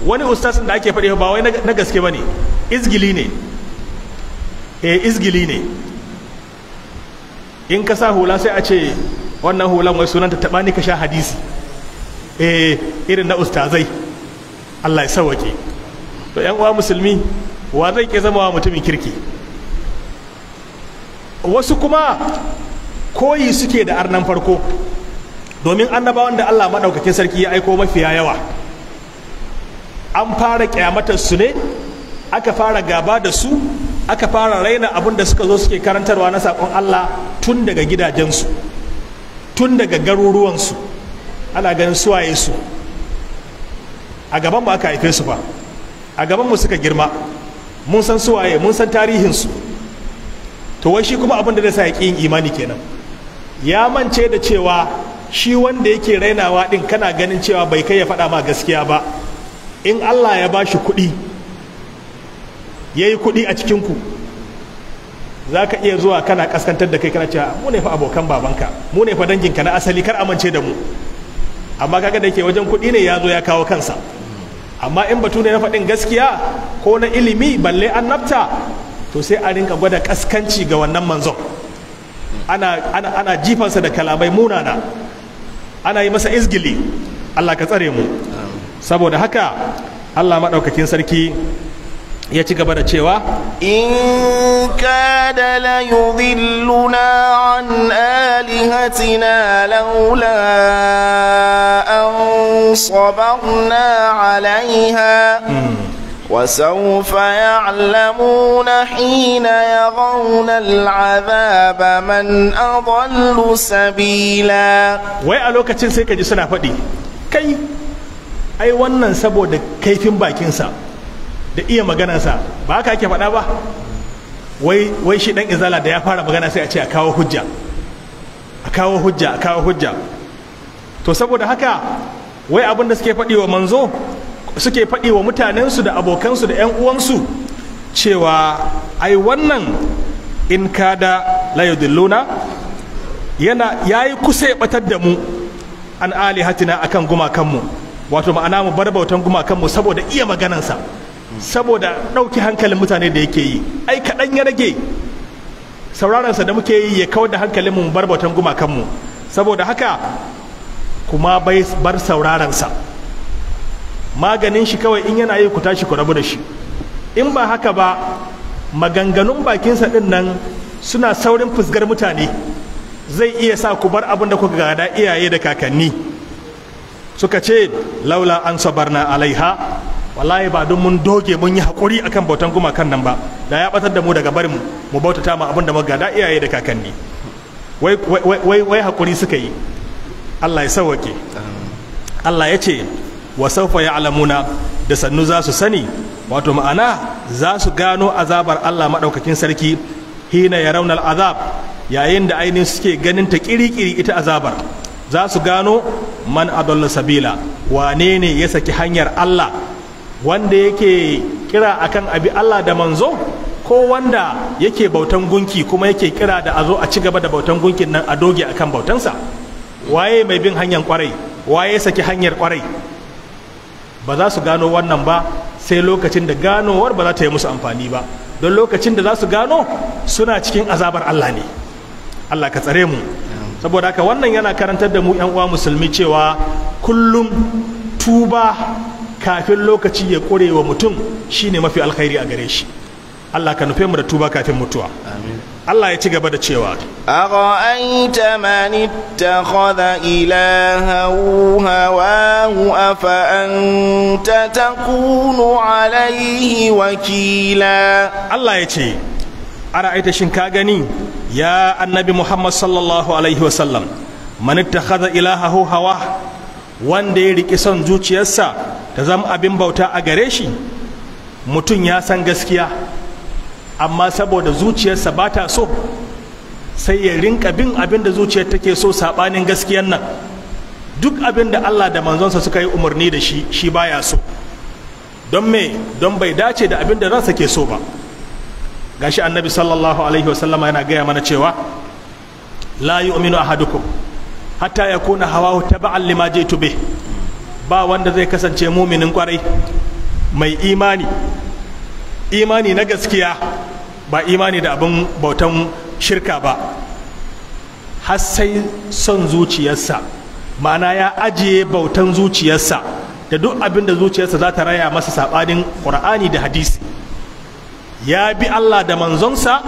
wani ustaz da ake faɗi ba wai na gaske ba ne izgili ne e izgili ne in ka sa hula sai a ce wannan hulan wai sunanta taɓa ni ka sha hadisi e irin na ustazai Allah ya sauwake to yan uwa musulmi wa zai ke zama wa mutumin kirki wasu kuma koyi suke da arnan farko domin annabawan da Allah maɗaukakin sarki ya aiko mafiya yawa an fara kyamatar su ne aka fara gaba da su aka fara raina abin da suka zo suke karantarwa na saƙon Allah tun daga gidajensu tun daga garuruwansu ana ganin suwaye su a gaban ba aka haife su ba a gaban mu suka girma mun san suwaye mun san tarihinsu to wai shi kuma abin da zai sa ya yin imani kenan ya mance da cewa shi wanda yake rainawa din kana ganin cewa bai kai ya faɗa ma gaskiya ba in Allah ya ba shi kuɗi ya yi kuɗi a cikinku za ka iya zuwa kana kaskantar da kai kana cewa mu ne fa abokan babanka mu ne fa danginka na asali kar amince da mu amma kaga da yake wajen kuɗi ne ya zo ya kawo kansa amma in batu ne na faɗin gaskiya ko na ilimi balle annabta to sai a rinka gwada kaskanci ga wannan manzon ana, ana, ana jifansa da kalamai munana ana yi masa izgili Allah ka tsare mu saboda haka Allah maɗaukakin sarki ya ci gaba da cewa in kada la yudhilluna an alihatina laula an sabarna alaiha hmm. وسوف يعلمون حين يرون العذاب من Wai a lokacin sai ka ji suna كي kai ونن wannan saboda kaifin باكينسا da iya maganarsa ba haka ake faɗa ba wai shi dan izala da ya fara magana sai a ce a kawo hujja a kawo hujja a kawo hujja to saboda haka wai abin da suke faɗi wa manzo suke faɗi wa mutanensu da abokansu da 'yan uwansu cewa ai wannan in kada layudilluna yana yayi kusa ya batar da mu an ali hatina akan gumakanmu wato ma'ana mu bar bautan gumakanmu saboda iya maganansa saboda ɗauki hankalin mutane da yake yi ai kaɗan ya rage sa da muke yi ya kawar da hankalin mu bar bautan gumakanmu saboda haka kuma bai bar sa. maganin shi kawai in yana yi ku tashi ku rabu da shi in ba haka ba maganganun bakinsa ɗin nan suna saurin fusgar mutane zai iya sa ku bar abin da kuka gada iyaye da kakanni suka ce laula an sabarna alaiha wallahi ba don mun doge mun yi hakuri akan bautan gumakan nan ba da ya batar da mu daga barin mu bautata ma abin da muka gada iyaye da kakanni wai wai wai hakuri suka yi Allah ya sauwake Allah ya ce Wasaufa ya alamuna da sannu za su sani wato ma'ana za su gano azabar Allah maɗaukakin sarki hina yarawna azab yayin da ainihin suke ganin ta kirikiri ita azabar za su gano man adalla sabila wane ne ya saki hanyar Allah wanda yake kira akan abi Allah da manzo ko wanda yake bautan gunki kuma yake kira da a zo a ci gaba da bautan gunkin nan a doge akan bautansa waye mai bin hanyar kwarai waye saki hanyar kwarai ba za su gano wannan ba sai lokacin da ganowar ba za ta yi musu amfani ba don lokacin da za su gano suna cikin azabar Allah ne Allah ka tsare mu saboda haka wannan yana karantar da mu yan uwa musulmi cewa kullum tuba kafin lokaci ya kure wa mutum shine mafi alkhairi a gare shi Allah ka nufe mu da tuba kafin mutuwa amin Allah ya ci gaba da cewa ara'aita man ittakhadha ilahahu hawahu afa anta takunu alayhi wakila Allah ya ce a ara'aita shin ka gani ya annabi Muhammad sallallahu alaihi wasallam man ittakhadha ilahahu hawa wanda ya riki son zuciyarsa ta zama abin bauta a gare shi mutum ya san gaskiya amma saboda zuciyarsa ba ta so sai ya rinka bin abin da zuciyar take so saɓanin gaskiyan nan duk abin da Allah da manzonsa suka yi umarni da shi shi baya so don me don bai dace da abin da ransa ke so ba gashi annabi sallallahu alaihi wasallama yana gaya mana cewa la yu'minu ahadukum hatta yakuna hawahu taba'an lima jaitu tube, ba wanda zai kasance muminin kwarai mai imani imani na gaskiya ba imani da abin bautan shirka ba har sai son zuciyarsa ma'ana ya ajiye bautan zuciyarsa da duk abin da zuciyarsa za ta raya masa saɓanin ƙur'ani da hadisi ya bi allah da manzonsa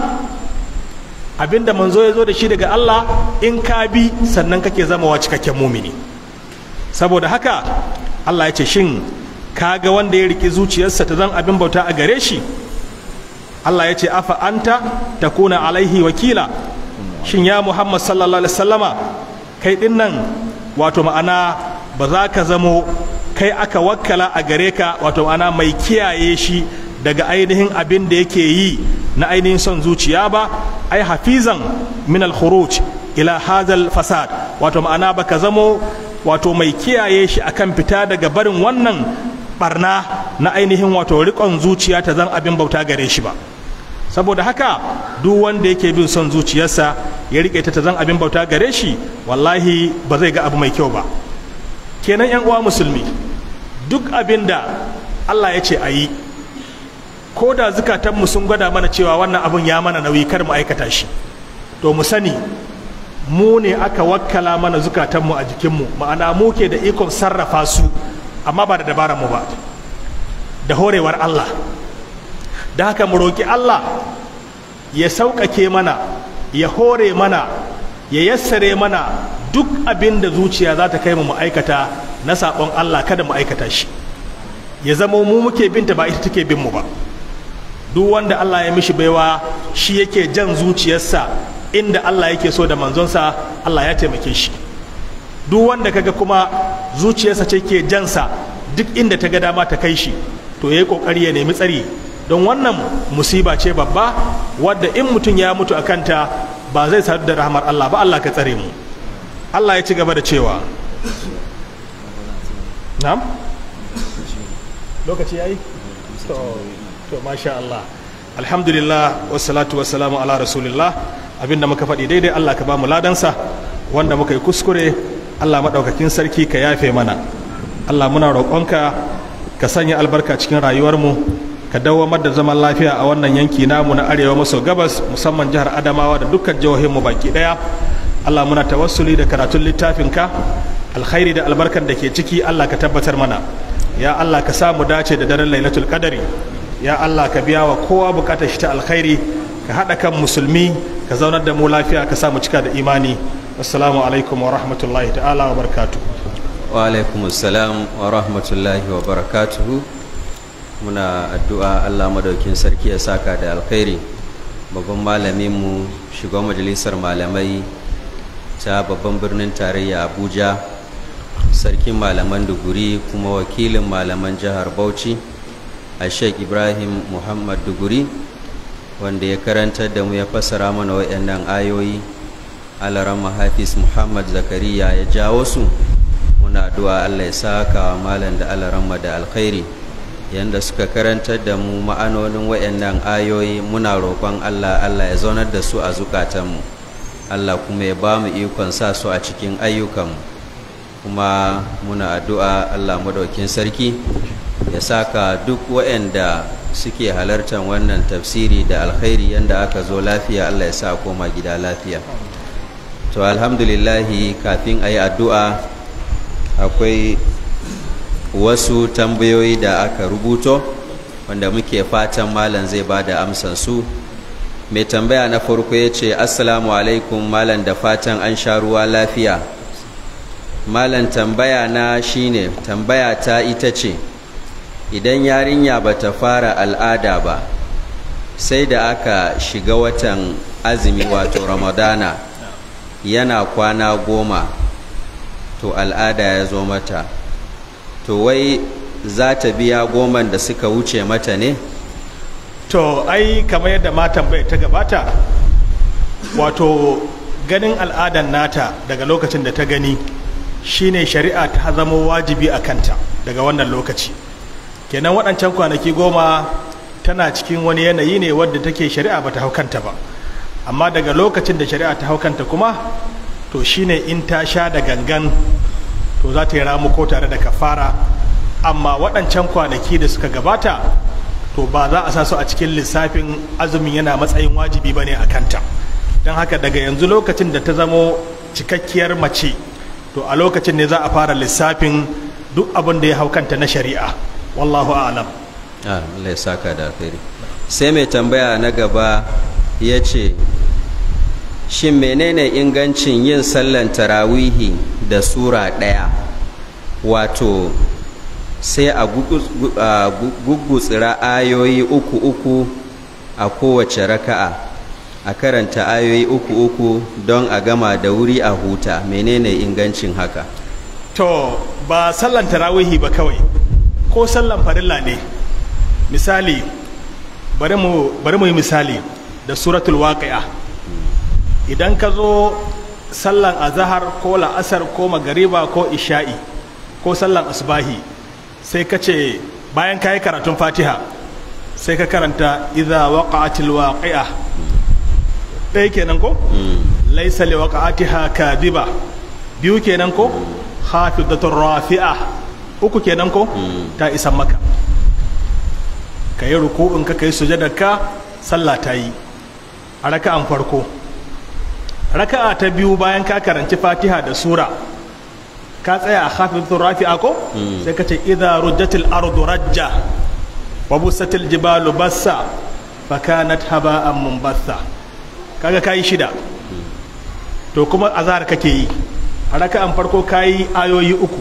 abin da manzo ya zo da shi daga allah in ka bi sannan kake zama wa cikakken mumini saboda haka allah ya ce shin kaga wanda ya riki zuciyarsa ta zan abin bauta a gare shi Allah ya ce afa anta takuna alaihi wakila shin ya Muhammad sallallahu alaihi wasallama kai din nan wato ma'ana ba za ka zamo kai aka wakkala a gare ka wato ma'ana mai kiyaye shi daga ainihin abin da yake yi na ainihin son zuciya ba ai hafizan min al khuruj ila hadal fasad wato ma'ana baka zamo wato mai kiyaye shi akan fita daga barin wannan barna na ainihin wato rikon zuciya ta zan abin bauta gare shi ba saboda haka duk wanda yake bin son zuciyarsa ya rike ta ta zan abin bauta gare shi wallahi ba zai ga abu mai kyau ba kenan yan uwa musulmi duk abin da Allah ya ce a yi ko da zukatanmu sun gwada mana cewa wannan abin ya mana nauyi kar mu aikata shi to mu sani mu ne aka wakkala mana zukatanmu a jikinmu ma'ana mu ke da ikon sarrafa su amma ba da dabarar mu ba da horewar Allah da haka mu roki Allah ya sauƙaƙe mana ya hore mana ya yassare mana duk abin da zuciya za ta kai mu aikata na saɓon Allah kada mu aikata shi ya zama mu muke binta ba ita take bin mu ba duk wanda Allah ya mishi baiwa shi yake jan zuciyarsa inda Allah yake so da manzonsa Allah ya taimake shi duk wanda kaga kuma zuciyarsa ce ke jansa duk inda ta ga dama ta kai shi to yayi kokari ya nemi tsari don wannan musiba ce babba wadda in mutum ya mutu a kanta ba zai sadu da rahmar Allah ba Allah ka tsare mu Allah ya ci gaba da cewa na'am lokaci yayi to masha Allah alhamdulillah wassalatu wassalamu ala rasulillah abinda muka faɗi daidai Allah ka ba mu ladansa wanda muka yi kuskure Allah maɗaukakin sarki ka yafe mana Allah muna roƙonka ka sanya albarka cikin rayuwarmu ka dawamar da zaman lafiya a wannan yanki namu na arewa maso gabas musamman jihar adamawa da dukkan jihohinmu baki ɗaya Allah muna tawassuli da karatun littafinka alkhairi da albarkan da ke ciki Allah ka tabbatar mana ya Allah ka samu dace da daren lailatul qadari ya Allah ka biya wa kowa bukatar shi ta alkhairi ka haɗa kan musulmi ka zaunar da mu lafiya ka samu cika da imani assalamu alaikum wa rahmatullahi ta'ala wa barakatu wa alaikum assalam wa rahmatullahi wa barakatuhu muna addu'a Allah madaukin sarki ya saka da alkhairi babban malamin mu shugaban majalisar malamai ta babban birnin tarayya Abuja sarkin malaman duguri kuma wakilin malaman jihar Bauchi a Sheikh Ibrahim Muhammad Duguri wanda ya karantar da mu ya fassara mana waɗannan ayoyi alarama hafiz muhammad zakariya ya jawo su muna addu'a allah ya saka wa malam da alarama da alkhairi yanda suka karantar da mu ma'anonin wayannan ayoyi muna roƙon allah allah ya zaunar da su a zukatanmu allah kuma ya ba mu ikon sa su a cikin ayyukanmu kuma muna addu'a allah madaukin sarki ya saka duk wayanda suke halartar wannan tafsiri da alkhairi yanda aka zo lafiya allah ya sa koma gida lafiya to alhamdulillahi kafin a yi addu'a akwai wasu tambayoyi da aka rubuto wanda muke fatan malam zai ba da amsansu mai tambaya na farko ya ce assalamu alaikum malam da fatan an sha ruwa lafiya malam tambaya na shine tambaya ta ita ce idan yarinya ba ta fara al'ada ba sai da aka shiga watan azumi wato ramadana yana kwana goma to al'ada ya zo mata to wai za ta biya goman da suka wuce mata ne to ai kamar yadda matan bai ta gabata wato ganin al'adan nata daga lokacin da ta gani shine shari'a ta zama wajibi a kanta daga wannan lokaci kenan waɗancan kwanaki goma tana cikin wani yanayi ne wadda take shari'a bata hau kanta ba amma daga lokacin da shari'a ta haukanta kuma to shine in ta sha da gangan to za ta yi ramu ko tare da kafara amma waɗancan kwanaki da suka gabata to ba za a sa su a cikin lissafin azumin yana matsayin wajibi ba ne a kanta don haka daga yanzu lokacin da ta zamo cikakkiyar mace to a lokacin ne za a fara lissafin duk abin da ya haukanta na shari'a wallahu alam sai mai tambaya na gaba ya ce shin menene ingancin yin sallan tarawihi da sura ɗaya wato sai a gugutsira ayoyi uku uku a kowace raka'a a karanta ayoyi uku uku don a gama da wuri a huta menene ingancin haka to ba sallan tarawihi ba kawai ko sallan farilla ne misali bari mu yi misali da suratul waqi'a idan ka zo sallan azahar ko la'asar ko magariba ko isha'i ko sallan asbahi sai ka ce bayan ka yi karatun fatiha sai ka karanta idha waqa'atil waqi'a ɗaya kenan ko mm. laisa li waqa'atiha kadiba biyu kenan ko mm. hafidatur rafi'a uku kenan ko mm. ta isa maka ka yi ka kai sujadar ka sallah ta yi a raka'an farko raka'a ta biyu bayan ka karanci fatiha da sura ka tsaya a hafifin rafi ko hmm. sai ka ce idza rujjatil ardu rajja wa busatil jibalu bassa fa kanat haba'an munbassa kaga kai shida hmm. to kuma azhar kake yi a raka'an farko kayi ayoyi uku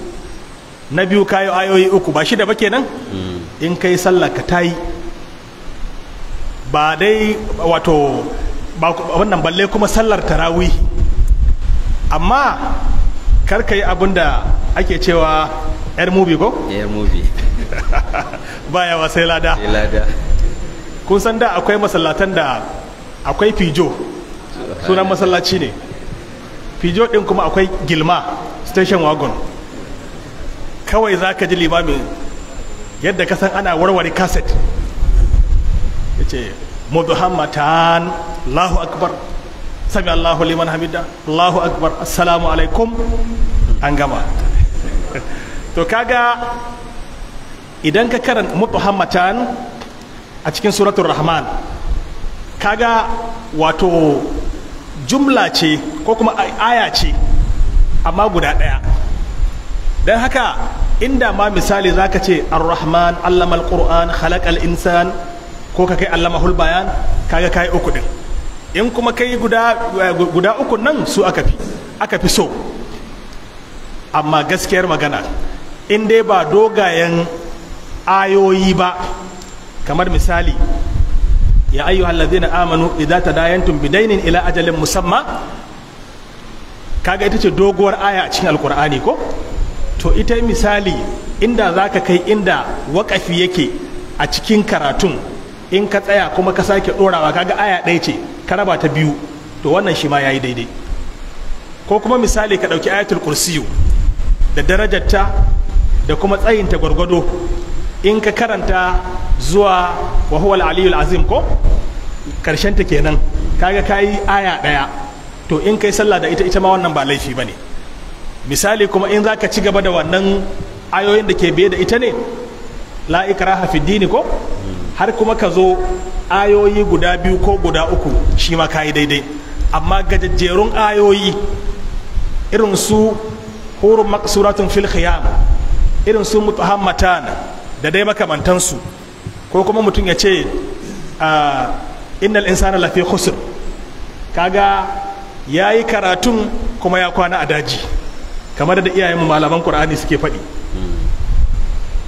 na biyu kayi ayoyi uku ba shida ba kenan hmm. in kai sallah ka tayi ba dai wato ba wannan balle kuma sallar tarawih amma karka yi abin da ake cewa yar mubi ko? yar mubi baya wa sai lada kun san da akwai masallatan da akwai fijo sunan masallaci ne fijo din kuma akwai gilma station wagon kawai za ka ji limamin yadda ka san ana warware kaset ya ce mudahammatan Allahu akbar sami Allahu liman hamida Allahu akbar assalamu alaikum an gama to kaga idan ka karanta mudahammatan a cikin suratul rahman kaga wato jumla ce ko kuma aya ce amma guda ɗaya don haka inda ma misali zaka ce ar-rahman allama al-qur'an khalaqa al-insan ko ka kai allama bayan kaga kai uku din in kuma kai guda guda uku nan su aka fi aka fi so amma gaskiyar magana in dai ba dogayen ayoyi ba kamar misali ya ayyuhal ladzina amanu idza tadayantum bidainin ila ajalin musamma kaga ita ce doguwar aya a cikin alkur'ani ko to ita misali inda za ka kai inda waƙafi yake a cikin karatun in ka tsaya kuma ka sake ɗorawa kaga aya ɗaya ce ka raba ta biyu to wannan shi ma yayi daidai ko kuma misali ka ɗauki ayatul kursiyu da darajarta da kuma tsayinta gwargwado in ka karanta zuwa wa Aliyu aliyul azim ko karshenta kenan kaga kayi aya ɗaya to in kai sallah da ita ita ma wannan ba laifi bane misali kuma in zaka ci gaba da wannan ayoyin da ke biye da ita ne la ikraha fi dini ko har kuma ka zo ayoyi guda biyu ko guda uku shi ma ka yi daidai amma gajajjerun ayoyi irin su hurun maksuratun fil khiyam irin su mutuhammatan da dai makamantansu ko kuma mutum ya ce ah, innal insana lafi khusr kaga yi karatun kuma ya kwana a daji kamar da iyayenmu malaman qur'ani suke faɗi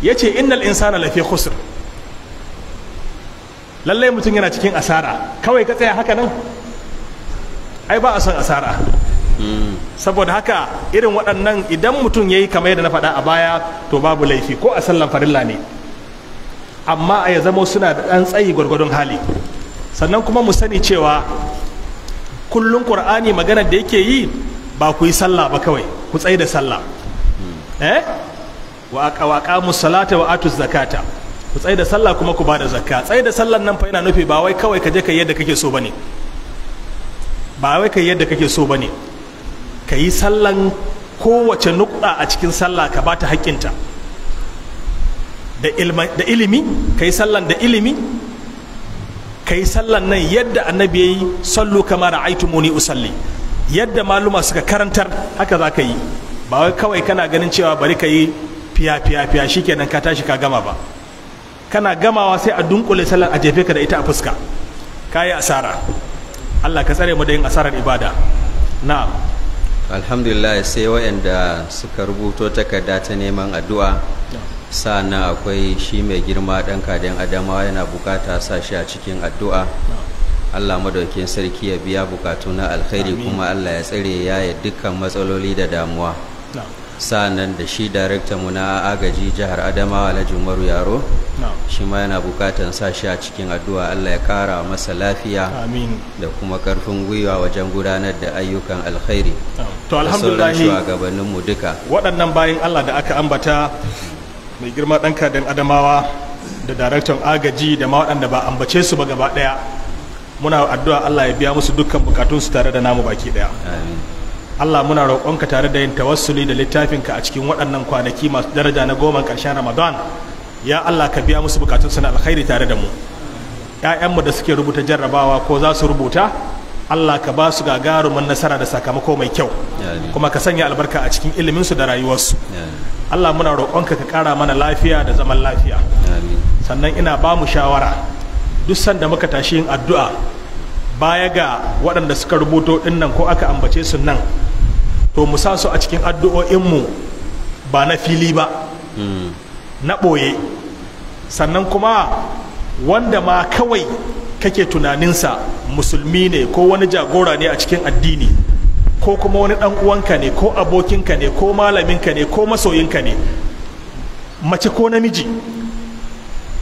yace innal insana lafi khusr lallai mutum yana cikin asara kawai ka tsaya haka nan ai ba a son asara saboda haka irin waɗannan idan mutum ya yi kamar yadda na faɗa a baya to babu laifi ko a sallan farilla ne amma a ya zamo suna da ɗan tsayi gwargwadon hali sannan kuma mu sani cewa kullum ƙur'ani maganar da yake yi ba ku yi sallah ba kawai ku tsayi da sallah eh wa aqamu salata wa atuz zakata ku tsaye da sallah kuma ku bada zakka tsaye da sallan nan fa yana nufi ba wai kawai ka je ka yadda kake so bane ba wai ka yadda kake so bane ka yi sallan kowace nukta a cikin sallah ka bata haƙƙinta da da ilimi ka yi sallan da ilimi ka sallan nan yadda annabi yayi sallu kama ra'aytumuni usalli yadda maluma suka karantar haka za ka yi ba wai kawai kana ganin cewa bari ka yi fiya fiya fiya shikenan ka tashi ka gama ba kana gamawa sai a dunkule sallar a jefe ka da ita a fuska kayi asara Allah ka tsare mu da yin asarar ibada na'am alhamdulillah sai waɗanda suka rubuto takarda ta neman addu'a sa na akwai shi mai girma ɗan kaden adamawa yana bukata sa shi a cikin addu'a Allah madaukin sarki ya biya bukatu na alkhairi kuma Allah ya tsare ya yi dukkan matsaloli da damuwa. sa'annan da shi mu na agaji jihar adamawa na jumaru yaro shi ma yana bukatan sa shi a cikin addu'a allah ya kara masa lafiya da kuma karfin gwiwa wajen gudanar da ayyukan alkhairi to alhamdulillahi shugabanninmu duka waɗannan bayan allah da aka ambata mai girma ɗanka dan adamawa da daraktan agaji da ma waɗanda ba ambace su ba gaba ɗaya muna addu'a allah ya biya musu dukkan bukatunsu tare da namu baki ɗaya Allah muna roƙonka tare da yin tawassuli da littafinka a cikin waɗannan kwanaki masu daraja na goma ƙarshen Ramadan ya Allah ka biya musu bukatun na alkhairi tare da mu ƴaƴanmu da suke rubuta jarrabawa ko za su rubuta Allah ka ba su gagarumin nasara da sakamako mai kyau kuma ka sanya albarka a cikin ilimin su da rayuwarsu Allah muna roƙonka ka ƙara mana lafiya da zaman lafiya sannan ina ba mu shawara duk sanda muka tashi yin addu'a baya ga waɗanda suka rubuto ɗin ko aka ambace su nan to mu sa su a cikin addu'o'inmu ba na fili ba na ɓoye sannan kuma wanda ma kawai kake tunaninsa musulmi ne ko wani jagora ne a cikin addini ko kuma wani ɗan uwanka ne ko abokinka ne ko malaminka ne ko masoyinka ne mace ko namiji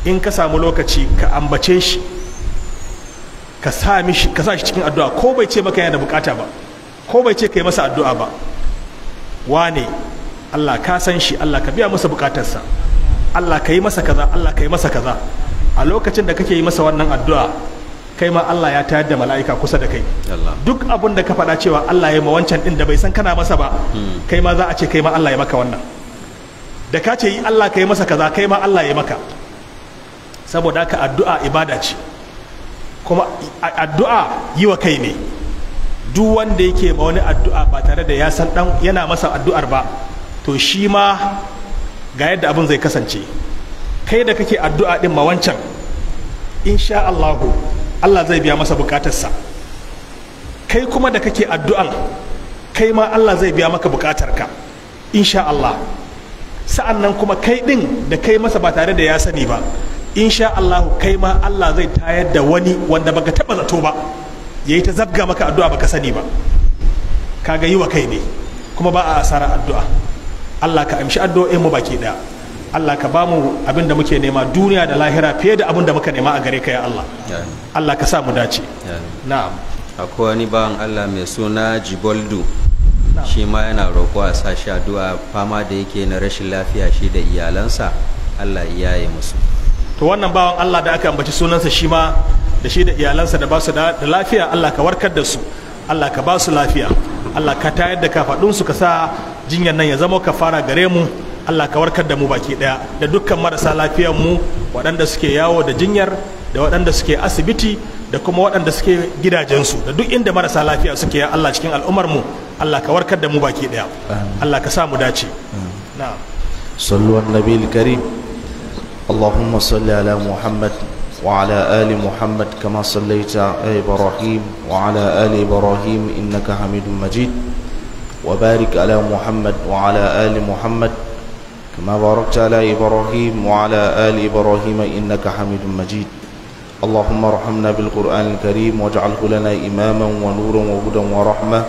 in ka samu lokaci ka ambace shi ka sa shi cikin addu'a ko bai ce maka yana da bukata ba ko bai ce ka yi masa addu'a ba wane Allah ka san shi Allah ka biya masa bukatarsa Allah ka yi masa kaza Allah ka yi masa kaza a lokacin da kake yi masa wannan addu'a kai ma Allah ya tayar da mala'ika kusa da kai duk abin da ka faɗa cewa Allah ya ma wancan din da bai san kana masa ba hmm. kai ma za a ce kai ma Allah ya maka wannan da ka ce yi Allah ka yi masa kaza kai ma Allah ya maka saboda haka addu'a ibada ce kuma addu'a yi wa kai ne duk wanda yake ma wani addu'a ba tare da ya san dan yana masa addu'ar ba to shi ma ga yadda abin zai kasance kai da kake addu'a din ma wancan insha Allah Allah zai biya masa bukatarsa kai kuma da kake addu'an kai ma Allah zai biya maka bukatarka insha Allah sa'an nan kuma kai din da kai masa ba tare da ya sani ba insha Allah kai ma Allah zai tayar da wani wanda baka taba zato ba ya yi ta zabga maka addu'a baka sani ba kaga yi wa kai ne kuma ba a asara addu'a Allah ka amshi addu'o'in mu baki daya Allah ka bamu mu abin da muke nema duniya da lahira fiye da abin da muka nema a gare ka ya Allah Allah ka sa mu dace na'am akwai wani bawan Allah mai suna Jiboldu shi ma yana roƙo a sashi addu'a fama da yake na rashin lafiya shi da iyalansa Allah ya yi musu to wannan bawan Allah da aka ambaci sunansa shi ma da shi da iyalansa da ba su da lafiya Allah ka warkar da su Allah ka ba su lafiya Allah ka tayar da kafaɗunsu ka sa jinyar nan ya zama ka fara gare mu Allah ka warkar da mu baki daya da dukkan marasa lafiyar mu waɗanda suke yawo da jinyar da waɗanda suke asibiti da kuma waɗanda suke gidajensu da duk inda marasa lafiya suke Allah cikin al'ummar mu Allah ka warkar da mu baki daya Allah ka sa mu dace na'am sallu an nabiyil karim اللهم صل على محمد وعلى آل محمد كما صليت على إبراهيم وعلى آل إبراهيم إنك حميد مجيد وبارك على محمد وعلى آل محمد كما باركت على إبراهيم وعلى آل إبراهيم إنك حميد مجيد اللهم ارحمنا بالقرآن الكريم واجعله لنا إماما ونورا وهدى ورحمة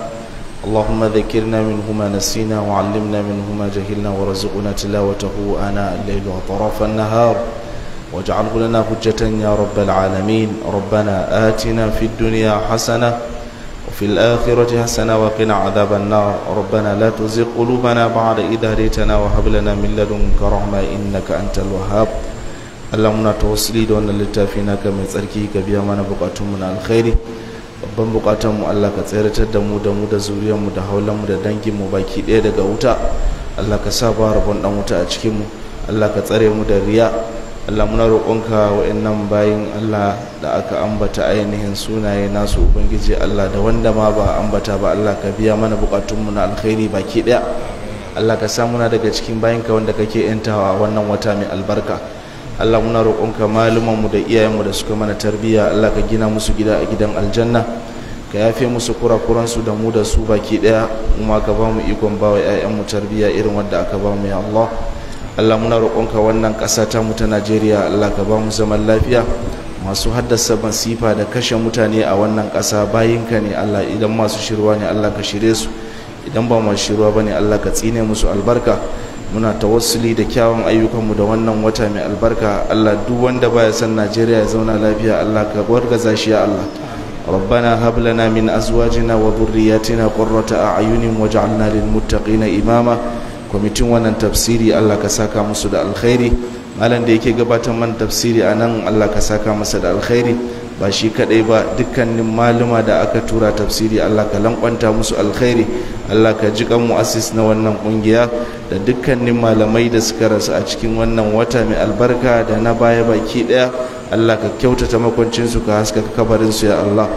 اللهم ذكرنا منه ما نسينا وعلمنا منه ما جهلنا ورزقنا تلاوته آناء الليل وطرف النهار واجعله لنا حجة يا رب العالمين ربنا آتنا في الدنيا حسنة وفي الآخرة حسنة وقنا عذاب النار ربنا لا تزغ قلوبنا بعد إذا هديتنا وهب لنا من لدنك رحمة إنك أنت الوهاب Allah muna tawassuli da wannan littafi naka mai tsarki ka biya mana bukatunmu na alkhairi babban bukatunmu Allah ka tseratar da mu da mu da mu da haulanmu da danginmu baki ɗaya daga wuta Allah ka sa ba rabon dan wuta a cikinmu Allah ka tsare mu da riya Allah muna roƙonka wa'annan bayin Allah da aka ambata ainihin sunaye nasu ubangiji Allah da wanda ma ba ambata ba Allah ka biya mana buƙatunmu na alkhairi baki ɗaya Allah ka sa muna daga cikin bayinka wanda kake yantawa wannan wata mai albarka Allah muna roƙonka malumanmu da iyayenmu da suka mana tarbiyya Allah ka gina musu gida a gidan aljanna ka yafe musu kura kurakuransu da mu da su baki ɗaya kuma ka ba mu ikon bawa wa 'ya'yanmu tarbiyya irin wanda aka ba mu ya Allah Allah muna roƙonka wannan ƙasa ta mu ta Najeriya Allah ka ba mu zaman lafiya masu haddasa masifa da kashe mutane a wannan ƙasa bayinka ne Allah idan masu shirwa ne Allah ka shirye su idan ba masu shirwa ne, Allah ka tsine musu albarka muna tawassuli da kyawun ayyukanmu da wannan wata mai albarka Allah duk wanda baya san Najeriya ya zauna lafiya Allah ka gwargaza shi ya Allah ربنا هب لنا من أزواجنا وذرياتنا قرة أعين واجعلنا للمتقين إماماً kwamitin wannan tafsiri allah ka saka musu da alkhairi malam da yake gabatar man tafsiri a nan allah ka saka masa da alkhairi ba shi kadai ba dukkanin maluma da aka tura tafsiri allah ka lankwanta musu alkhairi allah ka ji kan mu'assis na wannan kungiya da dukkanin malamai da suka rasu a cikin wannan wata mai albarka da na baya baki daya allah ka kyautata makwancinsu ka haskaka kabarinsu ya allah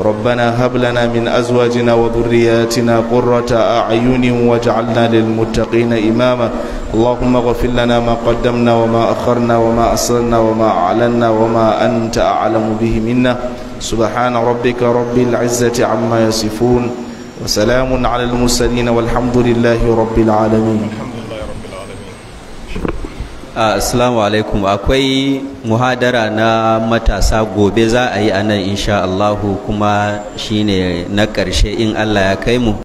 ربنا هب لنا من أزواجنا وذرياتنا قرة أعين واجعلنا للمتقين إماما اللهم اغفر لنا ما قدمنا وما أخرنا وما أسرنا وما أعلنا وما أنت أعلم به منا سبحان ربك رب العزة عما يصفون وسلام على المرسلين والحمد لله رب العالمين assalamu alaikum akwai muhadara na matasa gobe za a yi a nan insha Allahu kuma shine na ƙarshe in Allah ya kai mu